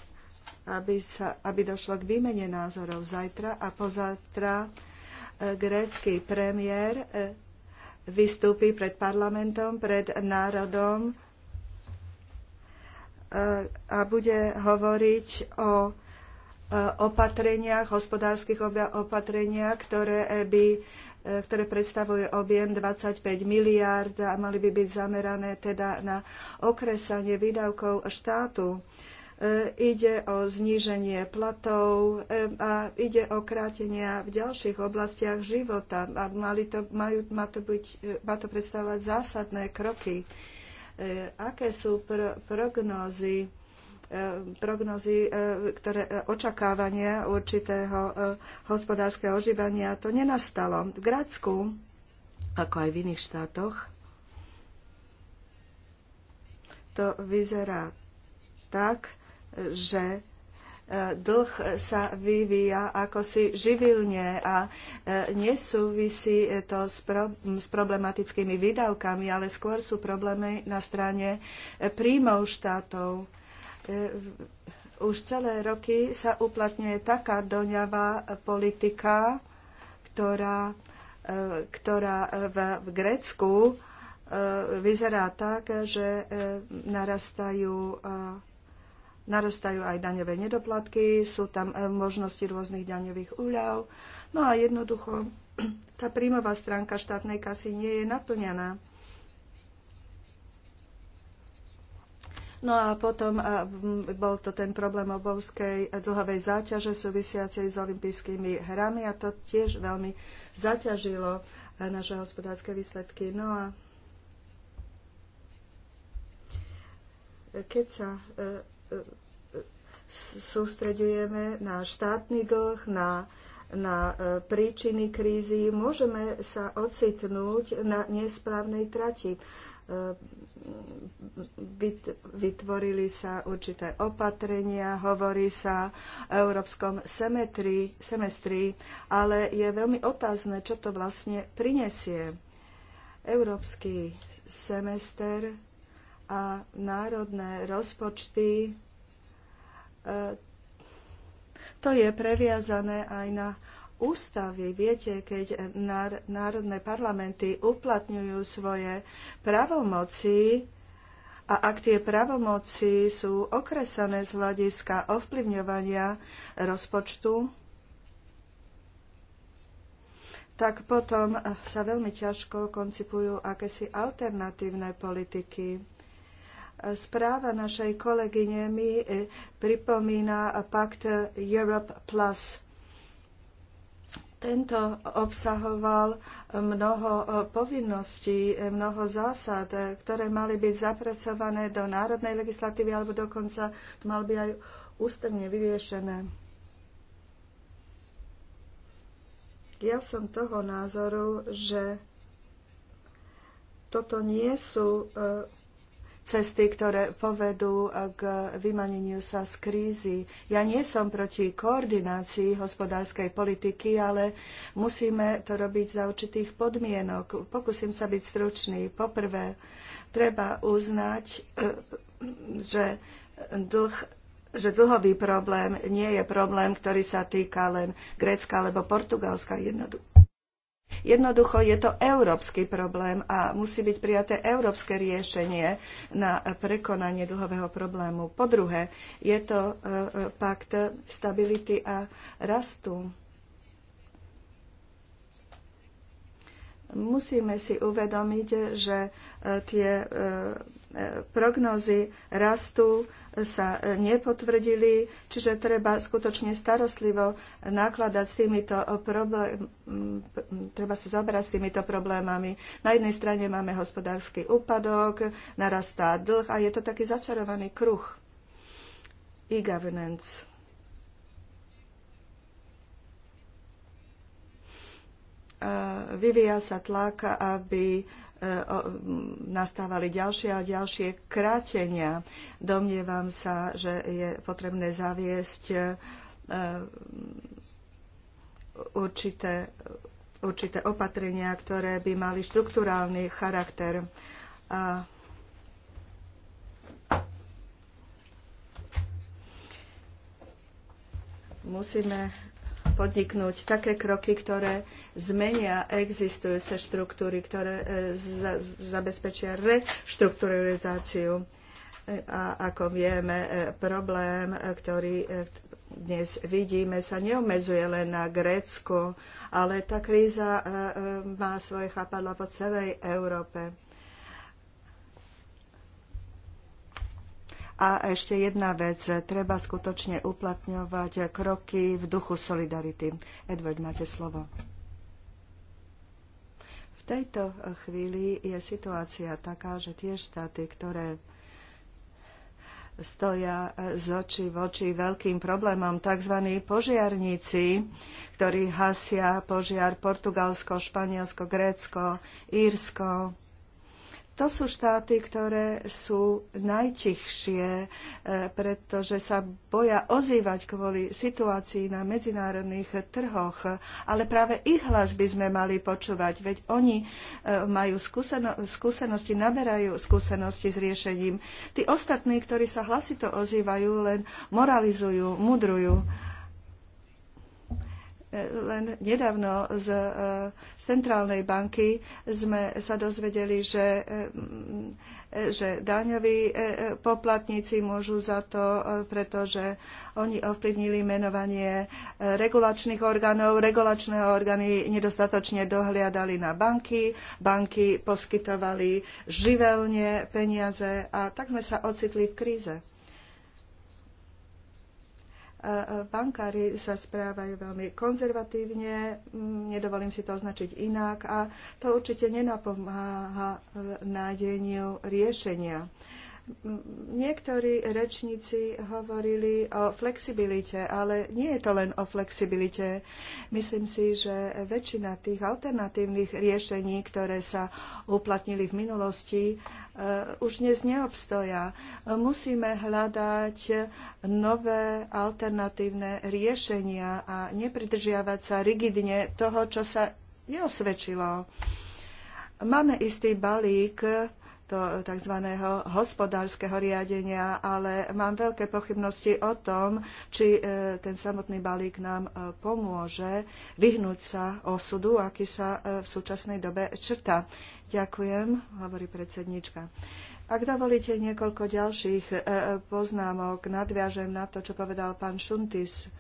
aby, sa, aby došlo k výmene názorov zajtra a pozajtra grécky premiér vystúpi pred parlamentom, pred národom a bude hovoriť o e, opatreniach, hospodárskych opatreniach, ktoré, e, by, e, ktoré predstavujú objem 25 miliárd a mali by byť zamerané teda na okresanie výdavkov štátu ide o zníženie platov a ide o krátenia v ďalších oblastiach života. A mali to, majú, má, to byť, má to predstavovať zásadné kroky E, aké sú pr- prognózy? E, prognozy, e, ktoré očakávanie určitého hospodárskeho oživania, to nenastalo. V Grácku, ako aj v iných štátoch, to vyzerá tak, že E, dlh sa vyvíja ako si živilne a e, nesúvisí to s, pro, s problematickými výdavkami, ale skôr sú problémy na strane e, príjmov štátov. Už celé roky sa uplatňuje taká doňavá politika, ktorá, ktorá v, v Grécku vyzerá tak, že narastajú narastajú aj daňové nedoplatky, sú tam e, možnosti rôznych daňových úľav. No a jednoducho tá príjmová stránka štátnej kasy nie je naplňaná. No a potom e, bol to ten problém obovskej e, dlhovej záťaže súvisiacej s olympijskými hrami a to tiež veľmi zaťažilo naše hospodárske výsledky. No a keď sa sústreďujeme na štátny dlh, na, na e, príčiny krízy, môžeme sa ocitnúť na nesprávnej trati. E, vytvorili sa určité opatrenia, hovorí sa o európskom semestri, ale je veľmi otázne, čo to vlastne prinesie. Európsky semester a národné rozpočty. E, to je previazané aj na ústavy. Viete, keď národné parlamenty uplatňujú svoje pravomoci, a ak tie pravomoci sú okresané z hľadiska ovplyvňovania rozpočtu, tak potom sa veľmi ťažko koncipujú akési alternatívne politiky správa našej kolegyne mi e, pripomína pakt Europe Plus. Tento obsahoval mnoho e, povinností, e, mnoho zásad, ktoré mali byť zapracované do národnej legislatívy alebo dokonca mal by aj ústavne vyriešené. Ja som toho názoru, že toto nie sú cesty, ktoré povedú eh, k vymaneniu sa z krízy. Ja nie som proti koordinácii hospodárskej politiky, ale musíme to robiť za určitých podmienok. Pokúsim sa byť stručný. Poprvé, treba uznať, eh, že dlh že dlhový problém nie je problém, ktorý sa týka len Grécka alebo Portugalska. Jednoducho Jednoducho je to európsky problém a musí byť prijaté európske riešenie na prekonanie dlhového problému. Po druhé, je to e, e, pakt stability a rastu. Musíme si uvedomiť, že e, tie prognozy rastu sa e, nepotvrdili, čiže treba skutočne starostlivo nakladať s týmito problém, treba sa zobrať s týmito problémami. Na jednej strane máme hospodársky úpadok, narastá dlh a je to taký začarovaný kruh. E-governance. Vyvíja sa tlak, aby E, nastávali ďalšie a ďalšie krátenia. Domnievam sa, že je potrebné zaviesť e, určité, určité opatrenia, ktoré by mali štruktúrálny charakter. A musíme podniknúť také kroky, ktoré zmenia existujúce štruktúry, ktoré e, zabezpečia reštrukturalizáciu. E, a ako vieme, e, problém, ktorý dnes vidíme, sa neobmedzuje len na Grécko, ale tá kríza má svoje chápadla po celej Európe A ešte jedna vec, treba skutočne uplatňovať kroky v duchu solidarity. Edward, máte slovo. V tejto chvíli je situácia taká, že tie štáty, ktoré stoja z oči v oči veľkým problémom. Tzv. požiarníci, ktorí hasia požiar Portugalsko, Španielsko, Grécko, Írsko, to sú štáty, ktoré sú najtichšie, e, pretože sa boja ozývať kvôli situácii na medzinárodných trhoch. Ale práve ich hlas by sme mali počúvať, veď oni e, majú skúseno- skúsenosti, naberajú skúsenosti s riešením. Tí ostatní, ktorí sa hlasito ozývajú, len moralizujú, mudrujú. Len nedávno eh, z centrálnej banky sme sa dozvedeli, že, eh, že daňoví eh, poplatníci môžu za to, pretože oni ovplyvnili menovanie regulačných orgánov. Regulačné orgány nedostatočne dohliadali na banky, banky poskytovali živelne peniaze a tak sme sa ocitli v kríze bankári sa správajú veľmi konzervatívne, mm, nedovolím si to označiť inak a to určite nenapomáha e, nájdeniu riešenia. Niektorí rečníci hovorili o flexibilite, ale nie je to len o flexibilite. Myslím si, že väčšina tých alternatívnych riešení, ktoré sa uplatnili v minulosti, e, už dnes neobstoja. Musíme hľadať nové alternatívne riešenia a nepridržiavať sa rigidne toho, čo sa neosvedčilo. Máme istý balík tohto tzv. hospodárskeho riadenia, ale mám veľké pochybnosti o tom, či e, ten samotný balík nám e, pomôže vyhnúť sa osudu, aký sa e, v súčasnej dobe črta. Ďakujem, hovorí predsednička. Ak dovolíte niekoľko ďalších poznámok, nadviažem na to, čo povedal pán Šuntis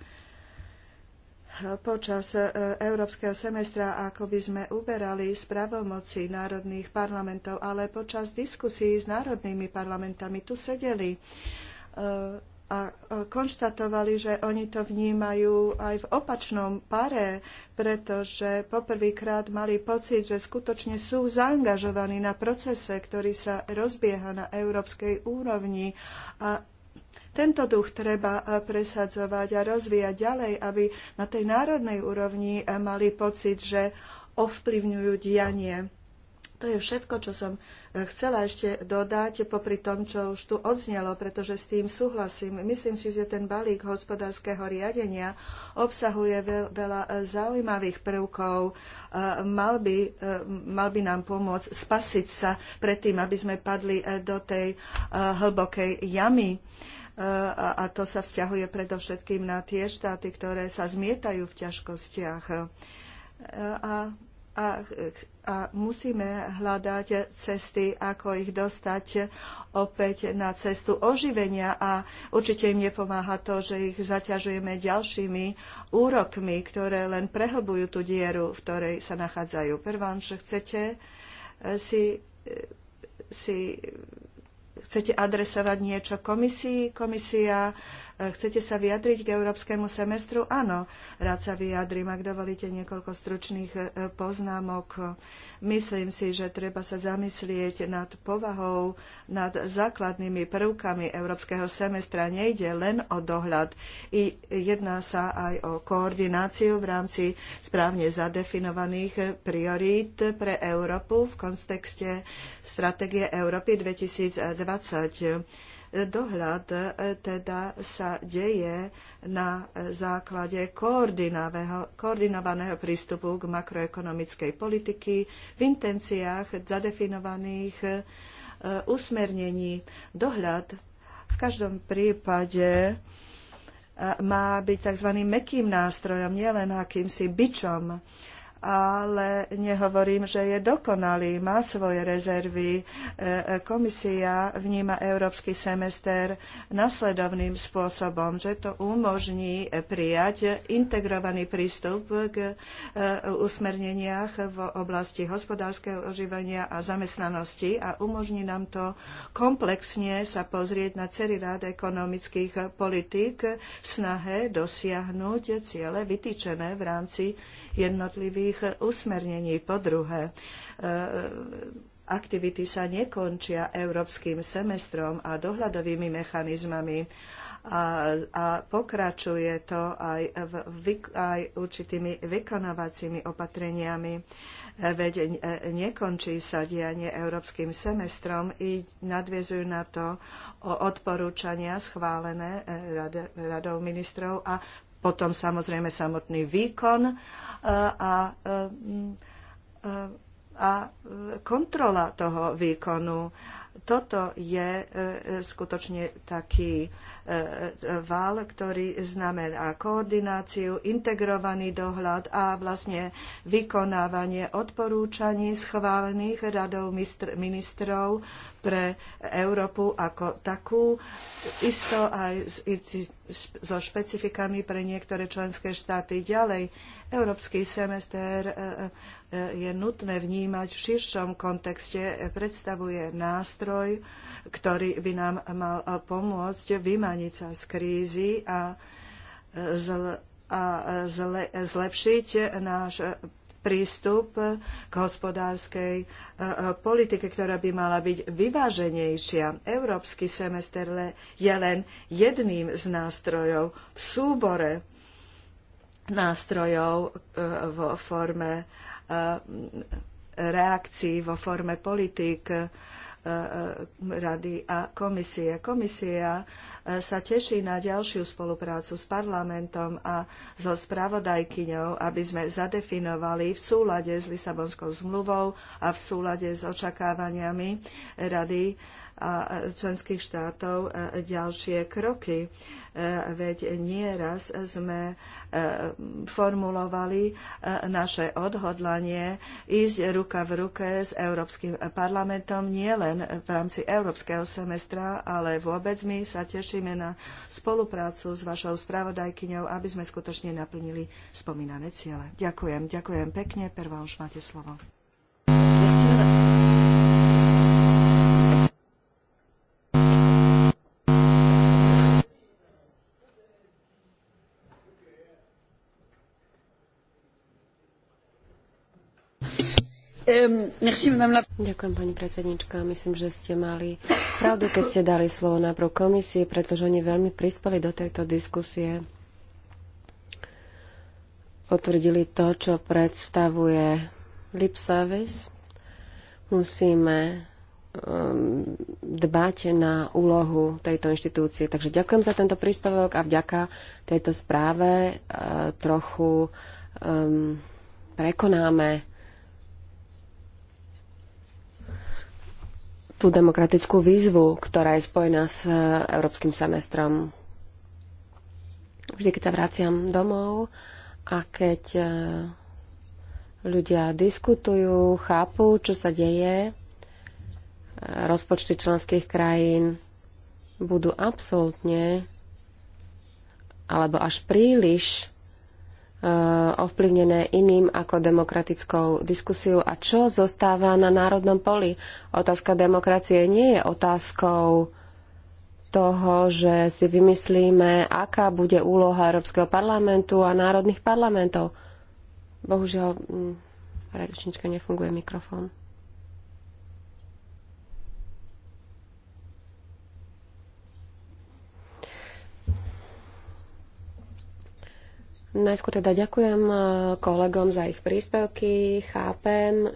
počas e, európskeho semestra, ako by sme uberali z pravomoci národných parlamentov, ale počas diskusí s národnými parlamentami tu sedeli e, a konštatovali, že oni to vnímajú aj v opačnom pare, pretože poprvýkrát mali pocit, že skutočne sú zaangažovaní na procese, ktorý sa rozbieha na európskej úrovni a tento duch treba e, presadzovať a rozvíjať ďalej, aby na tej národnej úrovni e, mali pocit, že ovplyvňujú dianie. To je všetko, čo som e, chcela ešte dodať popri tom, čo už tu odznelo, pretože s tým súhlasím. Myslím si, že ten balík hospodárskeho riadenia obsahuje veľa zaujímavých prvkov. Mal by, mal by nám pomôcť spasiť sa pred tým, aby sme padli do tej hlbokej jamy a to sa vzťahuje predovšetkým na tie štáty, ktoré sa zmietajú v ťažkostiach. A, a, a musíme hľadať cesty, ako ich dostať opäť na cestu oživenia a určite im nepomáha to, že ich zaťažujeme ďalšími úrokmi, ktoré len prehlbujú tú dieru, v ktorej sa nachádzajú. Prván, že chcete si, si chcete adresovať niečo komisii. Komisia Chcete sa vyjadriť k európskemu semestru? Áno, rád sa vyjadrím, ak dovolíte niekoľko stručných e, poznámok. Myslím si, že treba sa zamyslieť nad povahou, nad základnými prvkami európskeho semestra. Nejde len o dohľad. I jedná sa aj o koordináciu v rámci správne zadefinovaných priorít pre Európu v kontexte stratégie Európy 2020 Dohľad e, teda sa deje na základe koordinovaného prístupu k makroekonomickej politiky v intenciách zadefinovaných e, usmernení. Dohľad v každom prípade e, má byť tzv. mekým nástrojom, nielen akýmsi bičom ale nehovorím, že je dokonalý, má svoje rezervy. E, e, komisia vníma európsky semester nasledovným spôsobom, že to umožní prijať integrovaný prístup k e, usmerneniach v oblasti hospodárskeho oživenia a zamestnanosti a umožní nám to komplexne sa pozrieť na celý rád ekonomických politík v snahe dosiahnuť ciele vytýčené v rámci jednotlivých ich usmernení. Po druhé, e, aktivity sa nekončia európskym semestrom a dohľadovými mechanizmami a, a pokračuje to aj, v, aj určitými vykonávacími opatreniami. E, veď e, nekončí sa dianie európskym semestrom i nadviezujú na to odporúčania schválené radou ministrov a potom samozrejme samotný výkon e, a, e, e, a, a kontrola toho výkonu toto je e, e, skutočne taký e, val, ktorý znamená koordináciu, integrovaný dohľad a vlastne vykonávanie odporúčaní schválených radov ministrov pre Európu ako takú, isto aj so špecifikami pre niektoré členské štáty. Ďalej, Európsky semester je nutné vnímať v širšom kontexte, predstavuje nástroj, ktorý by nám mal eh, pomôcť vymaniť sa z krízy a, eh, eh, zlepšiť náš prístup k hospodárskej politike, ktorá by mala byť vyváženejšia. Európsky semester je len jedným z nástrojov v súbore nástrojov vo forme Eh, reakcií vo forme politík eh, eh, rady a komisie. Komisia sa teší na ďalšiu spoluprácu s parlamentom a so spravodajkyňou, aby sme zadefinovali v súlade s Lisabonskou zmluvou a v súlade s očakávaniami rady a členských štátov e, ďalšie kroky. E, veď nieraz sme e, formulovali naše odhodlanie ísť ruka v ruke s Európskym parlamentom nielen v rámci Európskeho semestra, ale vôbec my sa tešíme na spoluprácu s vašou spravodajkyňou, aby sme skutočne naplnili spomínané ciele. Ďakujem, ďakujem pekne. už máte slovo. Ehm, ďakujem, pani predsednička. Myslím, že ste mali pravdu, keď ste dali slovo najprv komisii, pretože oni veľmi prispeli do tejto diskusie. Potvrdili to, čo predstavuje lip service. Musíme ehm, dbať na úlohu tejto inštitúcie. Takže ďakujem za tento príspevok a vďaka tejto správe eh, trochu um, prekonáme tú demokratickú výzvu, ktorá je spojená s e, európskym semestrom. Vždy, keď sa vraciam domov a keď e, ľudia diskutujú, chápu, čo sa deje, e, rozpočty členských krajín budú absolútne alebo až príliš Eh, ovplyvnené iným ako demokratickou diskusiou. A čo zostáva na národnom poli? Otázka demokracie nie je otázkou toho, že si vymyslíme, aká bude úloha Európskeho parlamentu a národných parlamentov. Bohužiaľ, mm, rečnička nefunguje mikrofón. Najskôr teda ďakujem e, kolegom za ich príspevky, chápem e,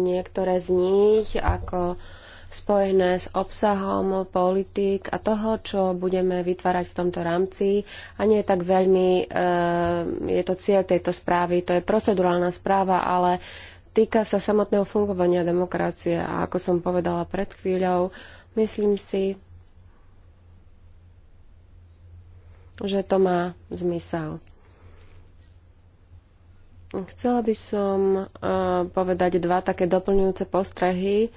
niektoré z nich ako spojené s obsahom politik a toho, čo budeme vytvárať v tomto rámci. A nie je tak veľmi, e, je to cieľ tejto správy, to je procedurálna správa, ale týka sa samotného fungovania demokracie. A ako som povedala pred chvíľou, myslím si, že to má zmysel. Chcela by som uh, povedať dva také doplňujúce postrehy,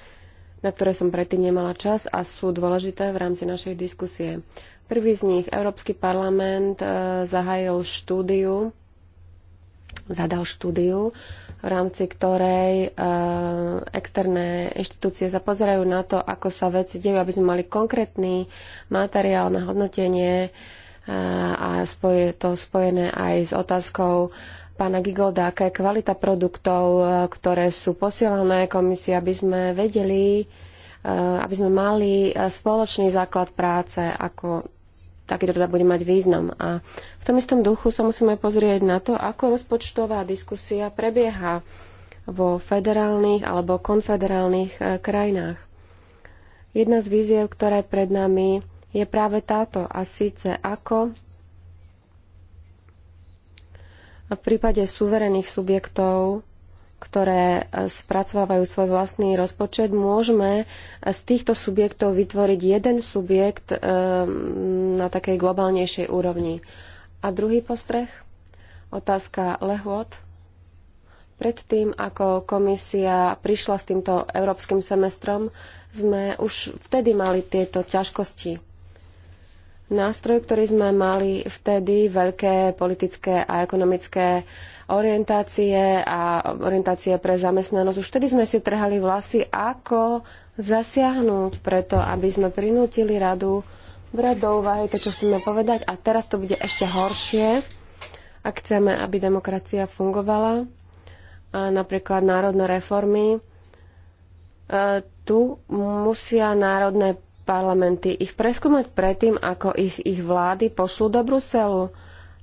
na ktoré som predtým nemala čas a sú dôležité v rámci našej diskusie. Prvý z nich, Európsky parlament uh, zahájil štúdiu, zadal štúdiu, v rámci ktorej uh, externé inštitúcie sa pozerajú na to, ako sa veci dejú, aby sme mali konkrétny materiál na hodnotenie a je to spojené aj s otázkou pána Gigolda, aká je kvalita produktov, e, ktoré sú posielané komisii, aby sme vedeli, e, aby sme mali e, spoločný základ práce, ako takýto teda bude mať význam. A v tom istom duchu sa musíme pozrieť na to, ako rozpočtová diskusia prebieha vo federálnych alebo konfederálnych krajinách. Jedna z víziev, ktorá je pred nami, je práve táto a síce ako V prípade suverených subjektov, ktoré e, spracovávajú svoj vlastný rozpočet, môžeme e, z týchto subjektov vytvoriť jeden subjekt e, na takej globálnejšej úrovni. A druhý postreh, otázka lehôd. Predtým, ako komisia prišla s týmto európskym semestrom, sme už vtedy mali tieto ťažkosti nástroj, ktorý sme mali vtedy, veľké politické a ekonomické orientácie a orientácie pre zamestnanosť. Už vtedy sme si trhali vlasy, ako zasiahnuť preto, aby sme prinútili radu brať do úvahy to, čo chceme povedať. A teraz to bude ešte horšie, ak chceme, aby demokracia fungovala. A napríklad národné reformy. E, tu musia národné parlamenty ich preskúmať predtým, ako ich ich vlády pošlú do Bruselu.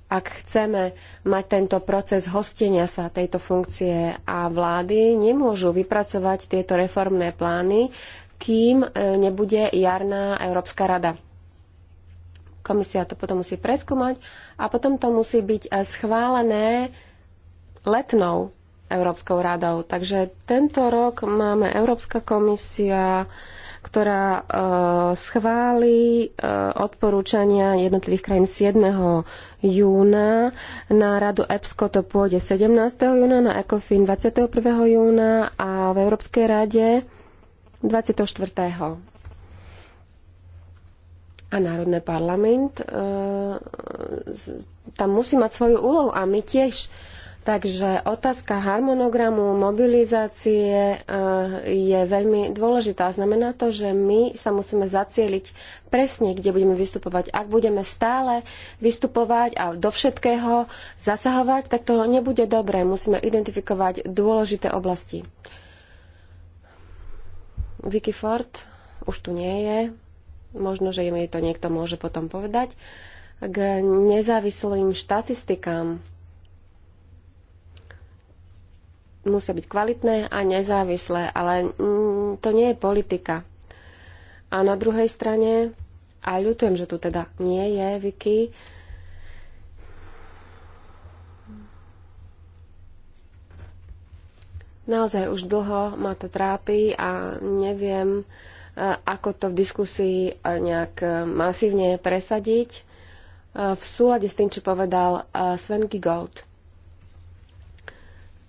Ak chceme mať tento proces hostenia sa tejto funkcie a vlády nemôžu vypracovať tieto reformné plány, kým e, nebude jarná Európska rada. Komisia to potom musí preskúmať a potom to musí byť e, schválené letnou Európskou radou. Takže tento rok máme Európska komisia, ktorá e, schváli e, odporúčania jednotlivých krajín 7. júna. Na radu EPSCO to pôjde 17. júna, na ECOFIN 21. júna a v Európskej rade 24. A Národný parlament e, tam musí mať svoju úlohu a my tiež Takže otázka harmonogramu mobilizácie eh, je veľmi dôležitá. Znamená to, že my sa musíme zacieliť presne, kde budeme vystupovať. Ak budeme stále vystupovať a do všetkého zasahovať, tak to nebude dobré. Musíme identifikovať dôležité oblasti. Vicky Ford už tu nie je. Možno, že jej to niekto môže potom povedať. K nezávislým štatistikám musia byť kvalitné a nezávislé, ale mm, to nie je politika. A na druhej strane, a ľutujem, že tu teda nie je Vicky, naozaj už dlho ma to trápi a neviem, e, ako to v diskusii e, nejak e, masívne presadiť v súlade s tým, čo povedal Sven Gold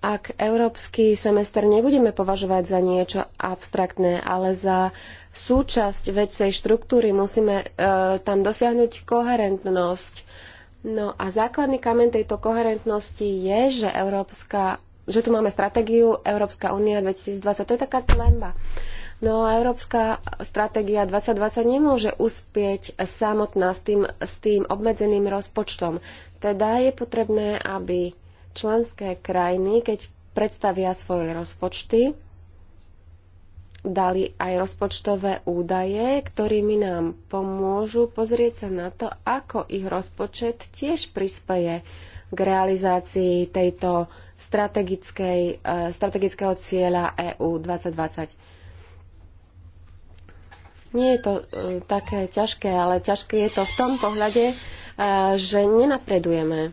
ak európsky semester nebudeme považovať za niečo abstraktné, ale za súčasť väčšej štruktúry, musíme e, tam dosiahnuť koherentnosť. No a základný kameň tejto koherentnosti je, že, Európska, že tu máme stratégiu Európska únia 2020. To je taká tlemba. No a Európska stratégia 2020 nemôže uspieť samotná s tým, s tým obmedzeným rozpočtom. Teda je potrebné, aby Členské krajiny, keď predstavia svoje rozpočty, dali aj rozpočtové údaje, ktorými nám pomôžu pozrieť sa na to, ako ich rozpočet tiež prispeje k realizácii tejto eh, strategického cieľa EU 2020. Nie je to eh, také ťažké, ale ťažké je to v tom pohľade, eh, že nenapredujeme.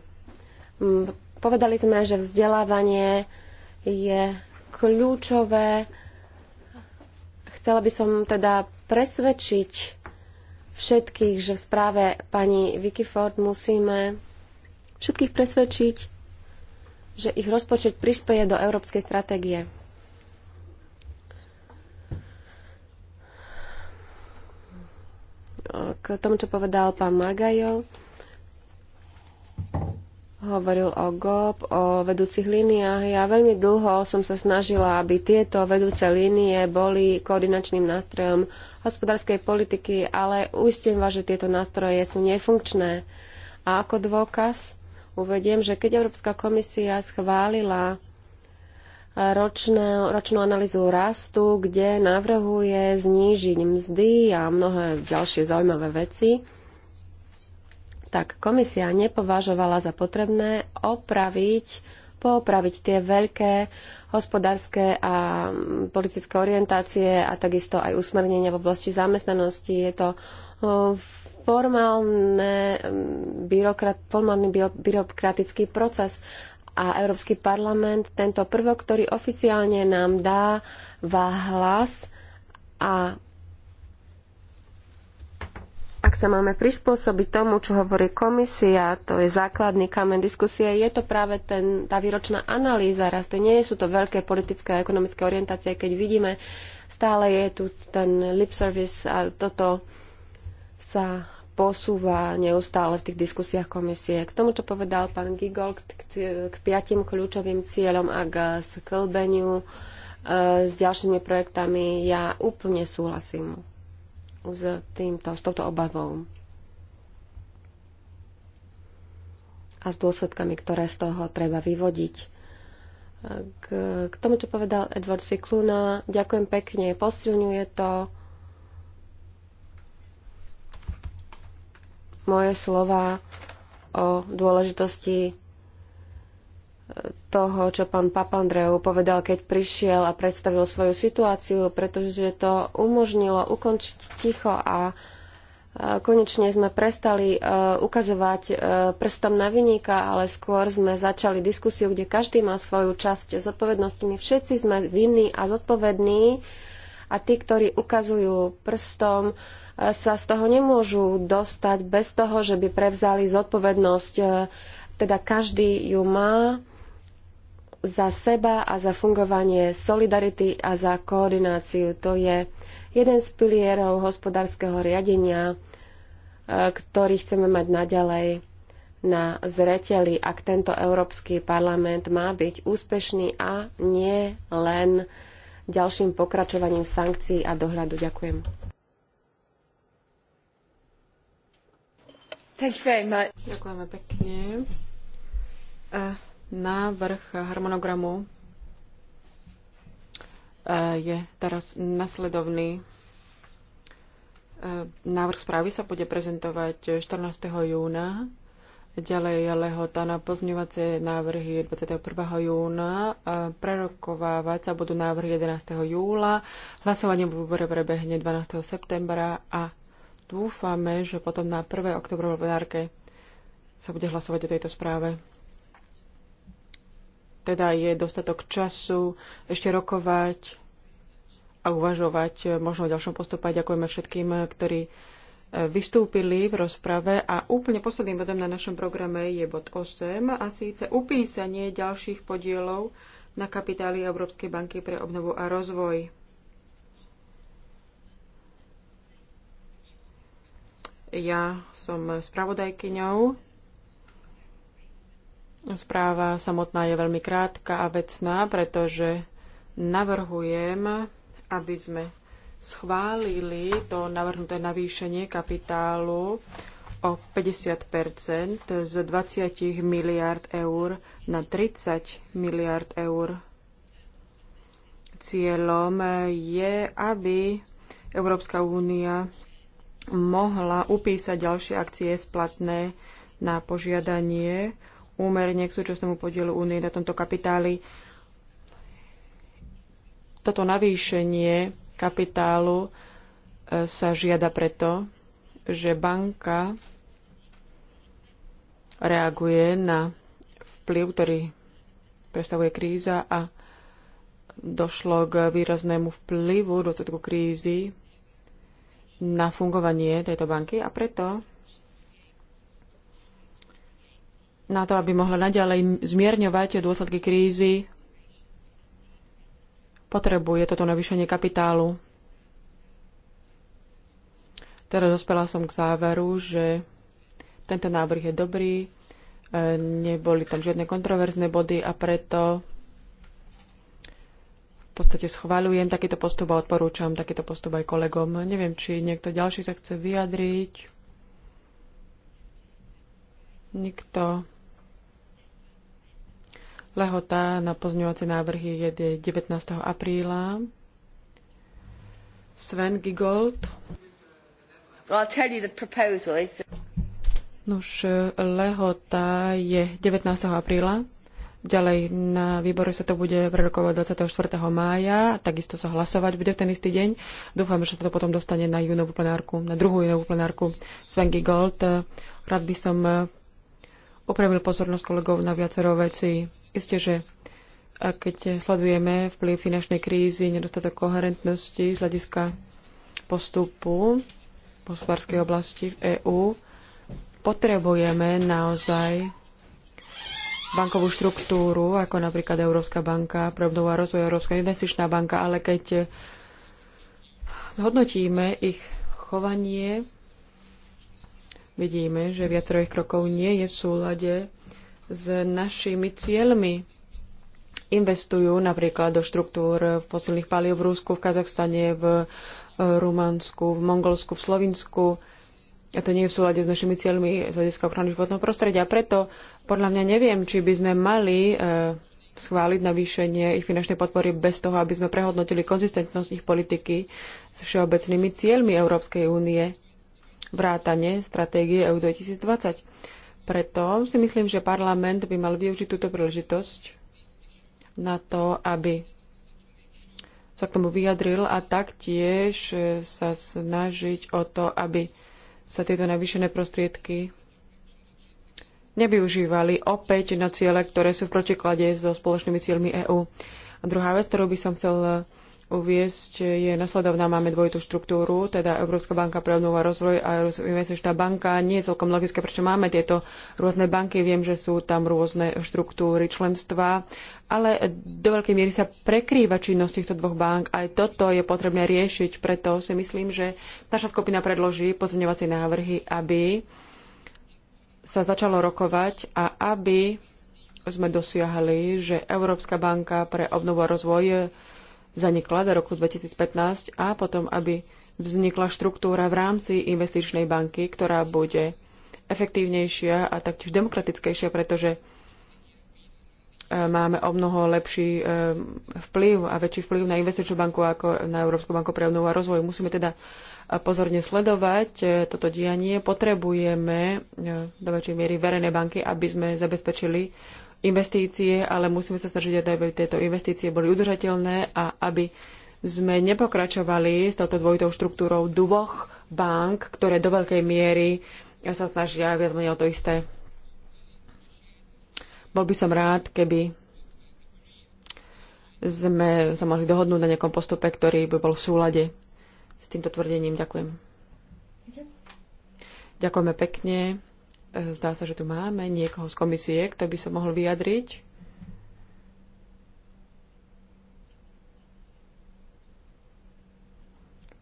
Povedali sme, že vzdelávanie je kľúčové. Chcela by som teda presvedčiť všetkých, že v správe pani Vicky Ford musíme všetkých presvedčiť, že ich rozpočet prispieje do európskej stratégie. K tomu, čo povedal pán Magajo, hovoril o GOP, o vedúcich líniách. Ja veľmi dlho som sa snažila, aby tieto vedúce línie boli koordinačným nástrojom hospodárskej politiky, ale uistujem vás, že tieto nástroje sú nefunkčné. A ako dôkaz uvediem, že keď Európska komisia schválila eh, ročné, ročnú analýzu rastu, kde navrhuje znížiť mzdy a mnohé ďalšie zaujímavé veci, tak komisia nepovažovala za potrebné opraviť, poopraviť tie veľké hospodárske a politické orientácie a takisto aj usmernenia v oblasti zamestnanosti. Je to formálne, byrokrat, formálny byrokratický proces a Európsky parlament tento prvok, ktorý oficiálne nám dáva hlas a sa máme prispôsobiť tomu, čo hovorí komisia, to je základný kamen diskusie, je to práve ten, tá výročná analýza rastu. Nie sú to veľké politické a ekonomické orientácie, keď vidíme, stále je tu ten lip service a toto sa posúva neustále v tých diskusiách komisie. K tomu, čo povedal pán Gigol, k, k piatim kľúčovým cieľom a k sklbeniu e, s ďalšími projektami, ja úplne súhlasím s, týmto, s touto obavou a s dôsledkami, ktoré z toho treba vyvodiť. K, k tomu, čo povedal Edward Cicluna, ďakujem pekne, posilňuje to moje slova o dôležitosti toho, čo pán Papandreou povedal, keď prišiel a predstavil svoju situáciu, pretože to umožnilo ukončiť ticho a konečne sme prestali e, ukazovať e, prstom na vyníka, ale skôr sme začali diskusiu, kde každý má svoju časť zodpovednosti. My všetci sme vinní a zodpovední a tí, ktorí ukazujú prstom, e, sa z toho nemôžu dostať bez toho, že by prevzali zodpovednosť. Teda každý ju má za seba a za fungovanie solidarity a za koordináciu. To je jeden z pilierov hospodárskeho riadenia, e, ktorý chceme mať naďalej na zreteli, ak tento Európsky parlament má byť úspešný a nie len ďalším pokračovaním sankcií a dohľadu. Ďakujem. Ďakujeme pekne. Návrh harmonogramu e, je teraz nasledovný. E, návrh správy sa bude prezentovať 14. júna. Ďalej je lehota na pozňovacie návrhy 21. júna. E, Prerokovávať sa budú návrhy 11. júla. Hlasovanie v výbore prebehne 12. septembra a dúfame, že potom na 1. oktobrovej plenárke sa bude hlasovať o tejto správe teda je dostatok času ešte rokovať a uvažovať e, možno o ďalšom postupe. Ďakujeme všetkým, e, ktorí e, vystúpili v rozprave a úplne posledným bodom na našom programe je bod 8 a síce upísanie ďalších podielov na kapitály Európskej banky pre obnovu a rozvoj. Ja som spravodajkyňou Správa samotná je veľmi krátka a vecná, pretože navrhujem, aby sme schválili to navrhnuté navýšenie kapitálu o 50 z 20 miliard eur na 30 miliard eur. Cieľom je, aby Európska únia mohla upísať ďalšie akcie splatné na požiadanie úmerne k súčasnému podielu únie na tomto kapitáli. Toto navýšenie kapitálu e, sa žiada preto, že banka reaguje na vplyv, ktorý predstavuje kríza a došlo k výraznému vplyvu v dôsledku krízy na fungovanie tejto banky a preto na to, aby mohla naďalej zmierňovať dôsledky krízy, potrebuje toto navýšenie kapitálu. Teraz dospela som k záveru, že tento návrh je dobrý, e, neboli tam žiadne kontroverzné body a preto v podstate schváľujem takýto postup a odporúčam takýto postup aj kolegom. Neviem, či niekto ďalší sa chce vyjadriť. Nikto. Lehota na pozňovacie návrhy je 19. apríla. Sven Gigold. Well, lehota je 19. apríla. Ďalej na výbore sa to bude prerokovať 24. mája, takisto sa hlasovať bude v ten istý deň. Dúfam, že sa to potom dostane na júnovú plenárku, na druhú júnovú plenárku. Sven Gigold. rád by som upravil pozornosť kolegov na viacero veci. Isté, že a keď sledujeme vplyv finančnej krízy, nedostatok koherentnosti z hľadiska postupu v hospodárskej oblasti v EÚ, potrebujeme naozaj bankovú štruktúru, ako napríklad Európska banka pre obnovu a rozvoj, Európska investičná banka, ale keď zhodnotíme ich chovanie, vidíme, že viacerých krokov nie je v súlade s našimi cieľmi. Investujú napríklad do štruktúr fosilných palív v Rúsku, v Kazachstane, v eh, Rumunsku, v Mongolsku, v Slovinsku. A to nie je v súlade s našimi cieľmi z hľadiska ochrany životného prostredia. Preto podľa mňa neviem, či by sme mali eh, schváliť navýšenie ich finančnej podpory bez toho, aby sme prehodnotili konzistentnosť ich politiky s všeobecnými cieľmi Európskej únie vrátane stratégie EU 2020. Preto si myslím, že parlament by mal využiť túto príležitosť na to, aby sa k tomu vyjadril a taktiež sa snažiť o to, aby sa tieto navýšené prostriedky nevyužívali opäť na ciele, ktoré sú v protiklade so spoločnými cieľmi EÚ. A druhá vec, ktorú by som chcel uviesť, je nasledovná. Máme dvojitú štruktúru, teda Európska banka pre obnovu a rozvoj a Investičná banka. Nie je celkom logické, prečo máme tieto rôzne banky. Viem, že sú tam rôzne štruktúry členstva, ale do veľkej miery sa prekrýva činnosť týchto dvoch bank. Aj toto je potrebné riešiť, preto si myslím, že naša skupina predloží pozmeňovacie návrhy, aby sa začalo rokovať a aby sme dosiahli, že Európska banka pre obnovu a rozvoj zanikla do roku 2015 a potom, aby vznikla štruktúra v rámci investičnej banky, ktorá bude efektívnejšia a taktiež demokratickejšia, pretože e, máme o mnoho lepší e, vplyv a väčší vplyv na investičnú banku ako na Európsku banku pre obnovu a rozvoj. Musíme teda e, pozorne sledovať toto dianie. Potrebujeme do väčšej miery verejné banky, aby sme zabezpečili investície, ale musíme sa snažiť, aby tieto investície boli udržateľné a aby sme nepokračovali s touto dvojitou štruktúrou dvoch bank, ktoré do veľkej miery sa snažia viac menej o to isté. Bol by som rád, keby sme sa mohli dohodnúť na nejakom postupe, ktorý by bol v súlade s týmto tvrdením. Ďakujem. Ďakujeme pekne. Zdá sa, že tu máme niekoho z komisie, kto by sa mohol vyjadriť.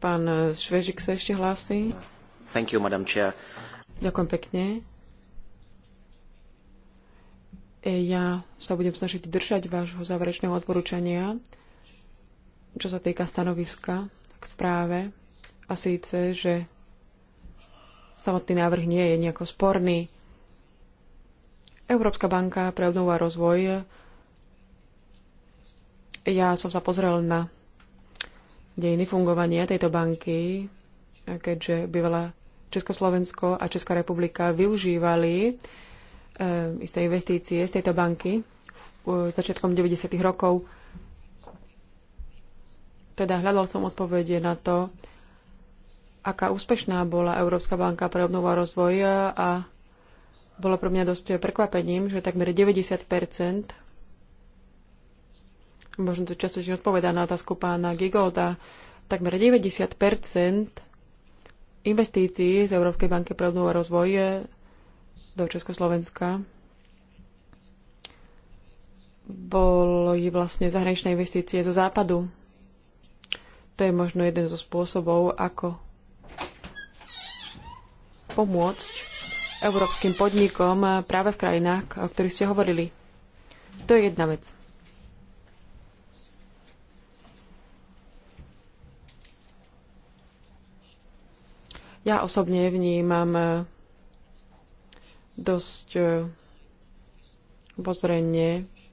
Pán Švežik sa ešte hlási. Thank you, Madam Chair. Ďakujem pekne. E, ja sa budem snažiť držať vášho záverečného odporúčania, čo sa týka stanoviska k správe. A síce, že Samotný návrh nie je nejako sporný. Európska banka pre obnovu a rozvoj. Ja som sa pozrel na dejiny fungovania tejto banky, keďže bývala Československo a Česká republika využívali e, isté investície z tejto banky v e, začiatkom 90. rokov. Teda hľadal som odpovede na to, aká úspešná bola Európska banka pre obnovu a rozvoj e, a bolo pre mňa dosť prekvapením, že takmer 90 možno to častočne odpovedá na otázku pána Gigolda, takmer 90 investícií z Európskej banky pre obnovu a rozvoj e, do Československa boli vlastne zahraničné investície zo západu. To je možno jeden zo spôsobov, ako pomôcť európskym podnikom práve v krajinách, o ktorých ste hovorili. To je jedna vec. Ja osobne vnímam eh, dosť eh,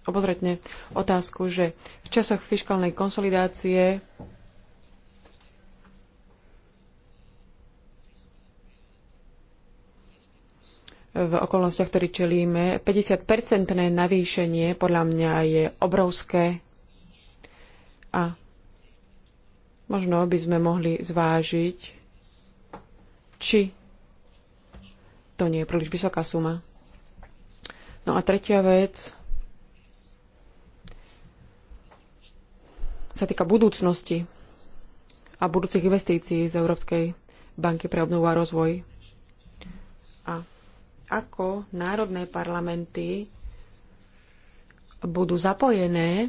obozretne otázku, že v časoch fiskálnej konsolidácie v okolnostiach, ktorých čelíme. 50-percentné navýšenie podľa mňa je obrovské a možno by sme mohli zvážiť, či to nie je príliš vysoká suma. No a tretia vec sa týka budúcnosti a budúcich investícií z Európskej banky pre obnovu a rozvoj. A ako národné parlamenty budú zapojené e,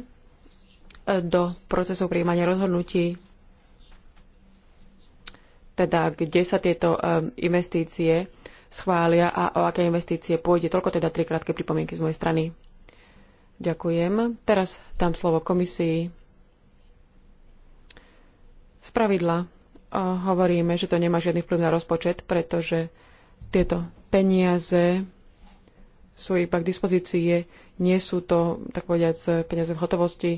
do procesu príjmania rozhodnutí, teda kde sa tieto e, investície schvália a o aké investície pôjde. Toľko teda tri krátke pripomienky z mojej strany. Ďakujem. Teraz dám slovo komisii. Spravidla. E, hovoríme, že to nemá žiadny vplyv na rozpočet, pretože tieto peniaze sú iba k dispozícii, nie sú to, tak povediac, peniaze v hotovosti,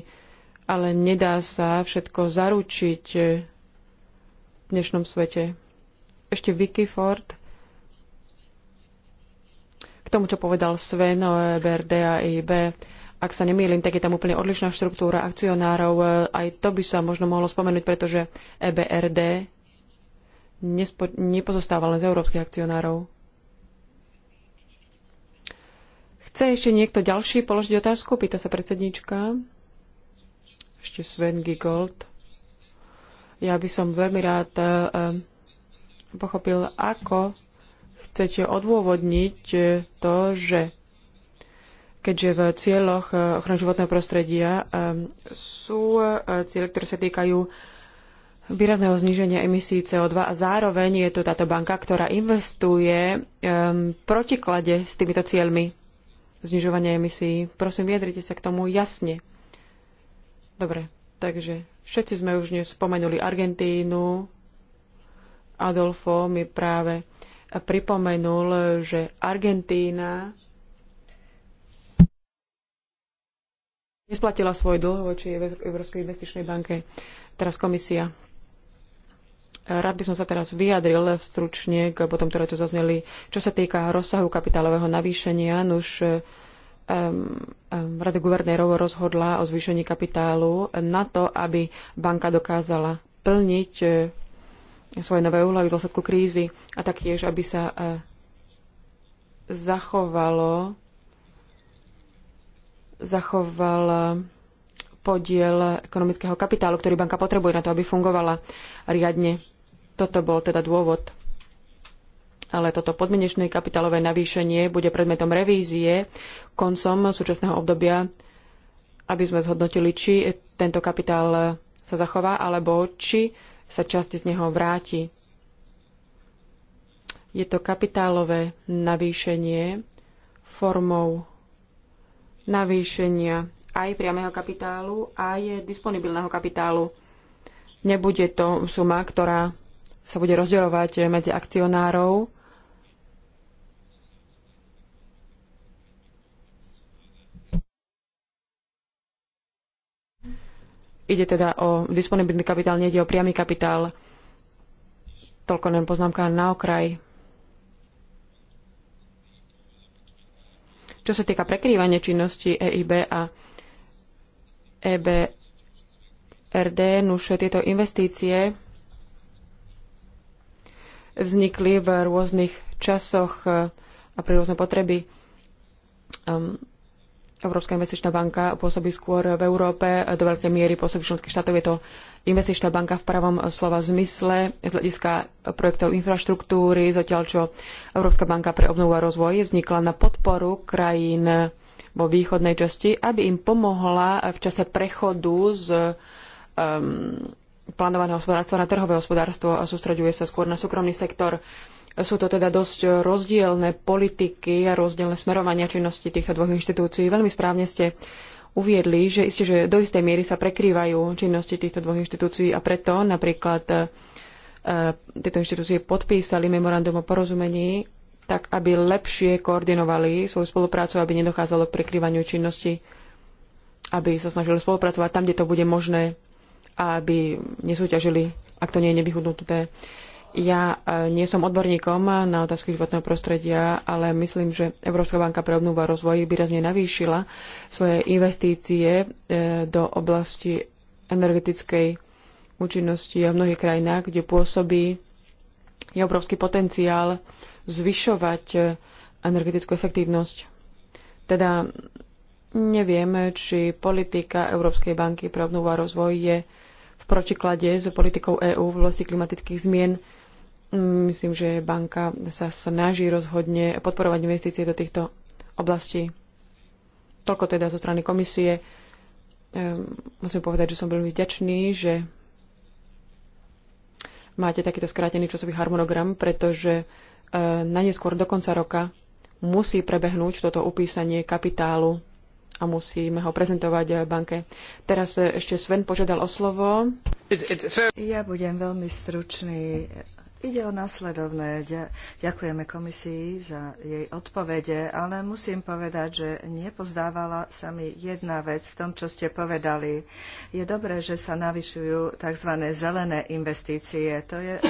ale nedá sa všetko zaručiť eh, v dnešnom svete. Ešte Vicky Ford k tomu, čo povedal Sven o e BRD a EIB. Ak sa nemýlim, tak je tam úplne odlišná štruktúra akcionárov. Eh, aj to by sa možno mohlo spomenúť, pretože EBRD nepozostáva len z európskych akcionárov Chce ešte niekto ďalší položiť otázku? Pýta sa predsednička. Ešte Sven Gigold. Ja by som veľmi rád eh, eh, pochopil, ako chcete odôvodniť eh, to, že keďže v cieľoch ochrany životného prostredia sú cieľe, ktoré sa týkajú výrazného zníženia emisí CO2 a zároveň je tu táto banka, ktorá investuje v protiklade s týmito cieľmi znižovania emisí. Prosím, vyjadrite sa k tomu jasne. Dobre, takže všetci sme už dnes spomenuli Argentínu. Adolfo mi práve pripomenul, že Argentína nesplatila svoj dlh voči Európskej investičnej banke, teraz komisia. Rád by som sa teraz vyjadril stručne k potom, ktoré tu zazneli. Čo sa týka rozsahu kapitálového navýšenia, už um, um, Rada guvernérov rozhodla o zvýšení kapitálu na to, aby banka dokázala plniť uh, svoje nové úlohy v dôsledku krízy a taktiež, aby sa uh, zachovalo zachoval podiel ekonomického kapitálu, ktorý banka potrebuje na to, aby fungovala riadne. Toto bol teda dôvod. Ale toto podmienečné kapitálové navýšenie bude predmetom revízie koncom súčasného obdobia, aby sme zhodnotili, či tento kapitál sa zachová, alebo či sa časť z neho vráti. Je to kapitálové navýšenie formou navýšenia aj priameho kapitálu, aj disponibilného kapitálu. Nebude to suma, ktorá sa bude rozdielovať medzi akcionárov. Ide teda o disponibilný kapitál, nejde o priamy kapitál. Toľko len poznámka na okraj. Čo sa týka prekrývania činnosti EIB a EBRD, nuž tieto investície vznikli v rôznych časoch e, a pre rôzne potreby. Ehm, Európska investičná banka pôsobí skôr v Európe, do veľkej miery pôsobí členských štátov. Je to investičná banka v pravom slova zmysle z hľadiska projektov infraštruktúry, zatiaľ čo Európska banka pre obnovu a rozvoj vznikla na podporu krajín vo východnej časti, aby im pomohla v čase prechodu z um, plánované hospodárstvo na trhové hospodárstvo a sústreďuje sa skôr na súkromný sektor. Sú to teda dosť rozdielne politiky a rozdielne smerovania činnosti týchto dvoch inštitúcií. Veľmi správne ste uviedli, že isté, že do istej miery sa prekrývajú činnosti týchto dvoch inštitúcií a preto napríklad e, tieto inštitúcie podpísali memorandum o porozumení tak, aby lepšie koordinovali svoju spoluprácu, aby nedochádzalo k prekrývaniu činnosti, aby sa snažili spolupracovať tam, kde to bude možné aby nesúťažili, ak to nie je nevyhodnuté. Ja e, nie som odborníkom na otázky životného prostredia, ale myslím, že Európska banka pre obnovu a rozvoj výrazne navýšila svoje investície e, do oblasti energetickej účinnosti a v mnohých krajinách, kde pôsobí je obrovský potenciál zvyšovať e, energetickú efektívnosť. Teda nevieme, či politika Európskej banky pre obnovu a rozvoj je protiklade s politikou EÚ v oblasti klimatických zmien. Mm, myslím, že banka sa snaží rozhodne podporovať investície do týchto oblastí. Toľko teda zo strany komisie. Ehm, musím povedať, že som veľmi vďačný, že máte takýto skrátený časový harmonogram, pretože e, na neskôr do konca roka musí prebehnúť toto upísanie kapitálu a musíme ho prezentovať banke. Teraz eh, ešte Sven požiadal o slovo. Ja budem veľmi stručný. Ide o následovné. Ďakujeme komisii za jej odpovede, ale musím povedať, že nepozdávala sa mi jedna vec v tom, čo ste povedali. Je dobré, že sa navyšujú tzv. zelené investície. To je e,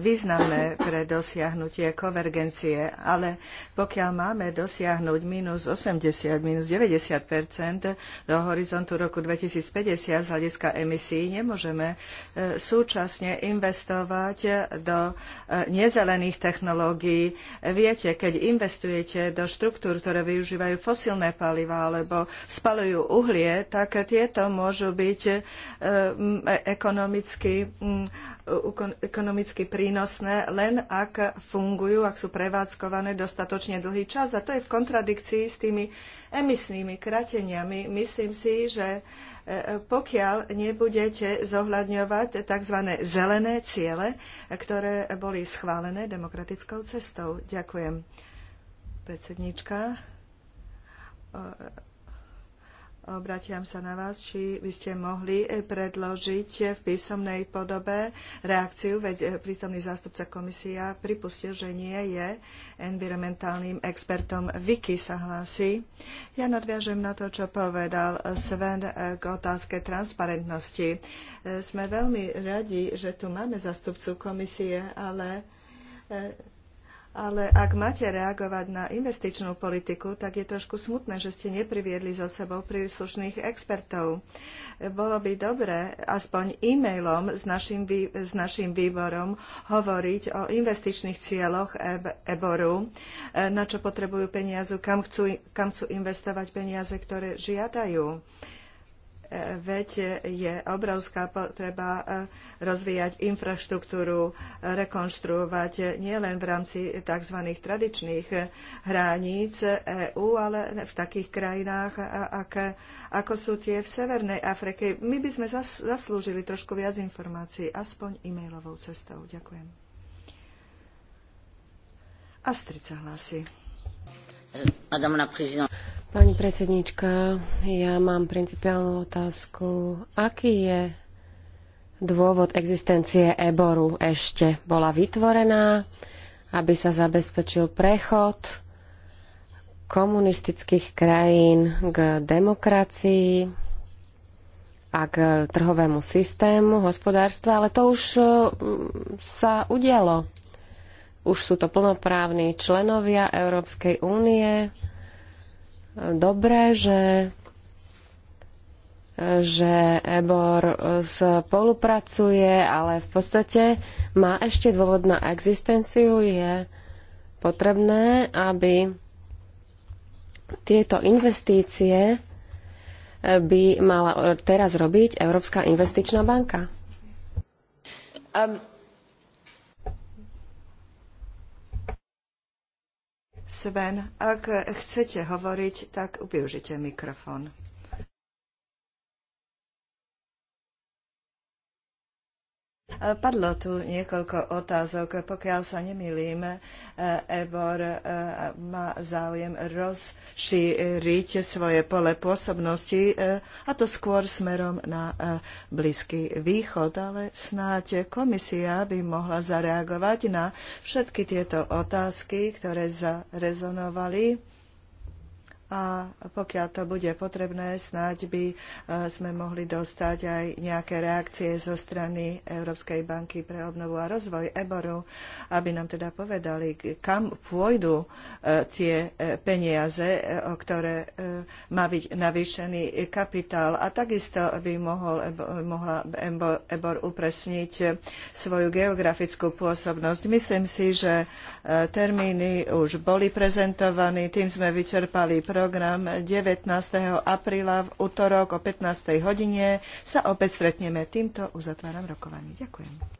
významné pre dosiahnutie konvergencie, ale pokiaľ máme dosiahnuť minus 80, minus 90 do horizontu roku 2050 z hľadiska emisí, nemôžeme e, súčasne investovať do nezelených technológií. Viete, keď investujete do štruktúr, ktoré využívajú fosilné paliva alebo spalujú uhlie, tak tieto môžu byť e, e, ekonomicky, ekonomicky prínosné len ak fungujú, ak sú prevádzkované dostatočne dlhý čas. A to je v kontradikcii s tými emisnými krateniami. Myslím si, že e, pokiaľ nebudete zohľadňovať tzv. zelené ciele, ktoré boli schválené demokratickou cestou. Ďakujem. Predsedníčka e, Obraciam sa na vás, či by ste mohli eh, predložiť eh, v písomnej podobe reakciu, veď eh, prítomný zástupca komisia pripustil, že nie je environmentálnym expertom. Vicky sa hlási. Ja nadviažem na to, čo povedal Sven k otázke transparentnosti. Sme veľmi radi, že tu máme zástupcu komisie, ale ale ak máte reagovať na investičnú politiku, tak je trošku smutné, že ste nepriviedli so sebou príslušných expertov. Bolo by dobré aspoň e-mailom s našim, s našim výborom hovoriť o investičných cieľoch e EBORu, e, na čo potrebujú peniaze, kam chcú, kam chcú investovať peniaze, ktoré žiadajú veď je obrovská potreba e, rozvíjať infraštruktúru, rekonštruovať nielen v rámci tzv. tradičných e, hraníc EÚ, ale v takých krajinách, ako sú tie v Severnej Afrike. My by sme zaslúžili trošku viac informácií, aspoň e-mailovou cestou. Ďakujem. Astrid sa hlási. Madame la Pani predsednička, ja mám principiálnu otázku. Aký je dôvod existencie Eboru ešte? Bola vytvorená, aby sa zabezpečil prechod komunistických krajín k demokracii a k trhovému systému hospodárstva, ale to už e, sa udialo. Už sú to plnoprávni členovia Európskej únie, dobré, že že EBOR spolupracuje, ale v podstate má ešte dôvod na existenciu. Je potrebné, aby tieto investície by mala teraz robiť Európska investičná banka. Um, Sven, ak chcete hovoriť, tak využite mikrofón. E, padlo tu niekoľko otázok. Pokiaľ sa nemýlim, e, EBOR e, má záujem rozšíriť svoje pole pôsobnosti, a to skôr smerom na Blízky východ, ale snáď komisia by mohla zareagovať na všetky tieto otázky, ktoré zarezonovali a pokiaľ to bude potrebné, snáď by e, sme mohli dostať aj nejaké reakcie zo strany Európskej banky pre obnovu a rozvoj EBORu, aby nám teda povedali, kam pôjdu e, tie e, peniaze, o ktoré má byť navýšený kapitál. A takisto by mohol, mohla EBOR upresniť svoju geografickú pôsobnosť. Myslím si, že termíny už boli prezentovaní, tým sme vyčerpali pro program 19. apríla v útorok o 15. hodine sa opäť stretneme. Týmto uzatváram rokovanie. Ďakujem.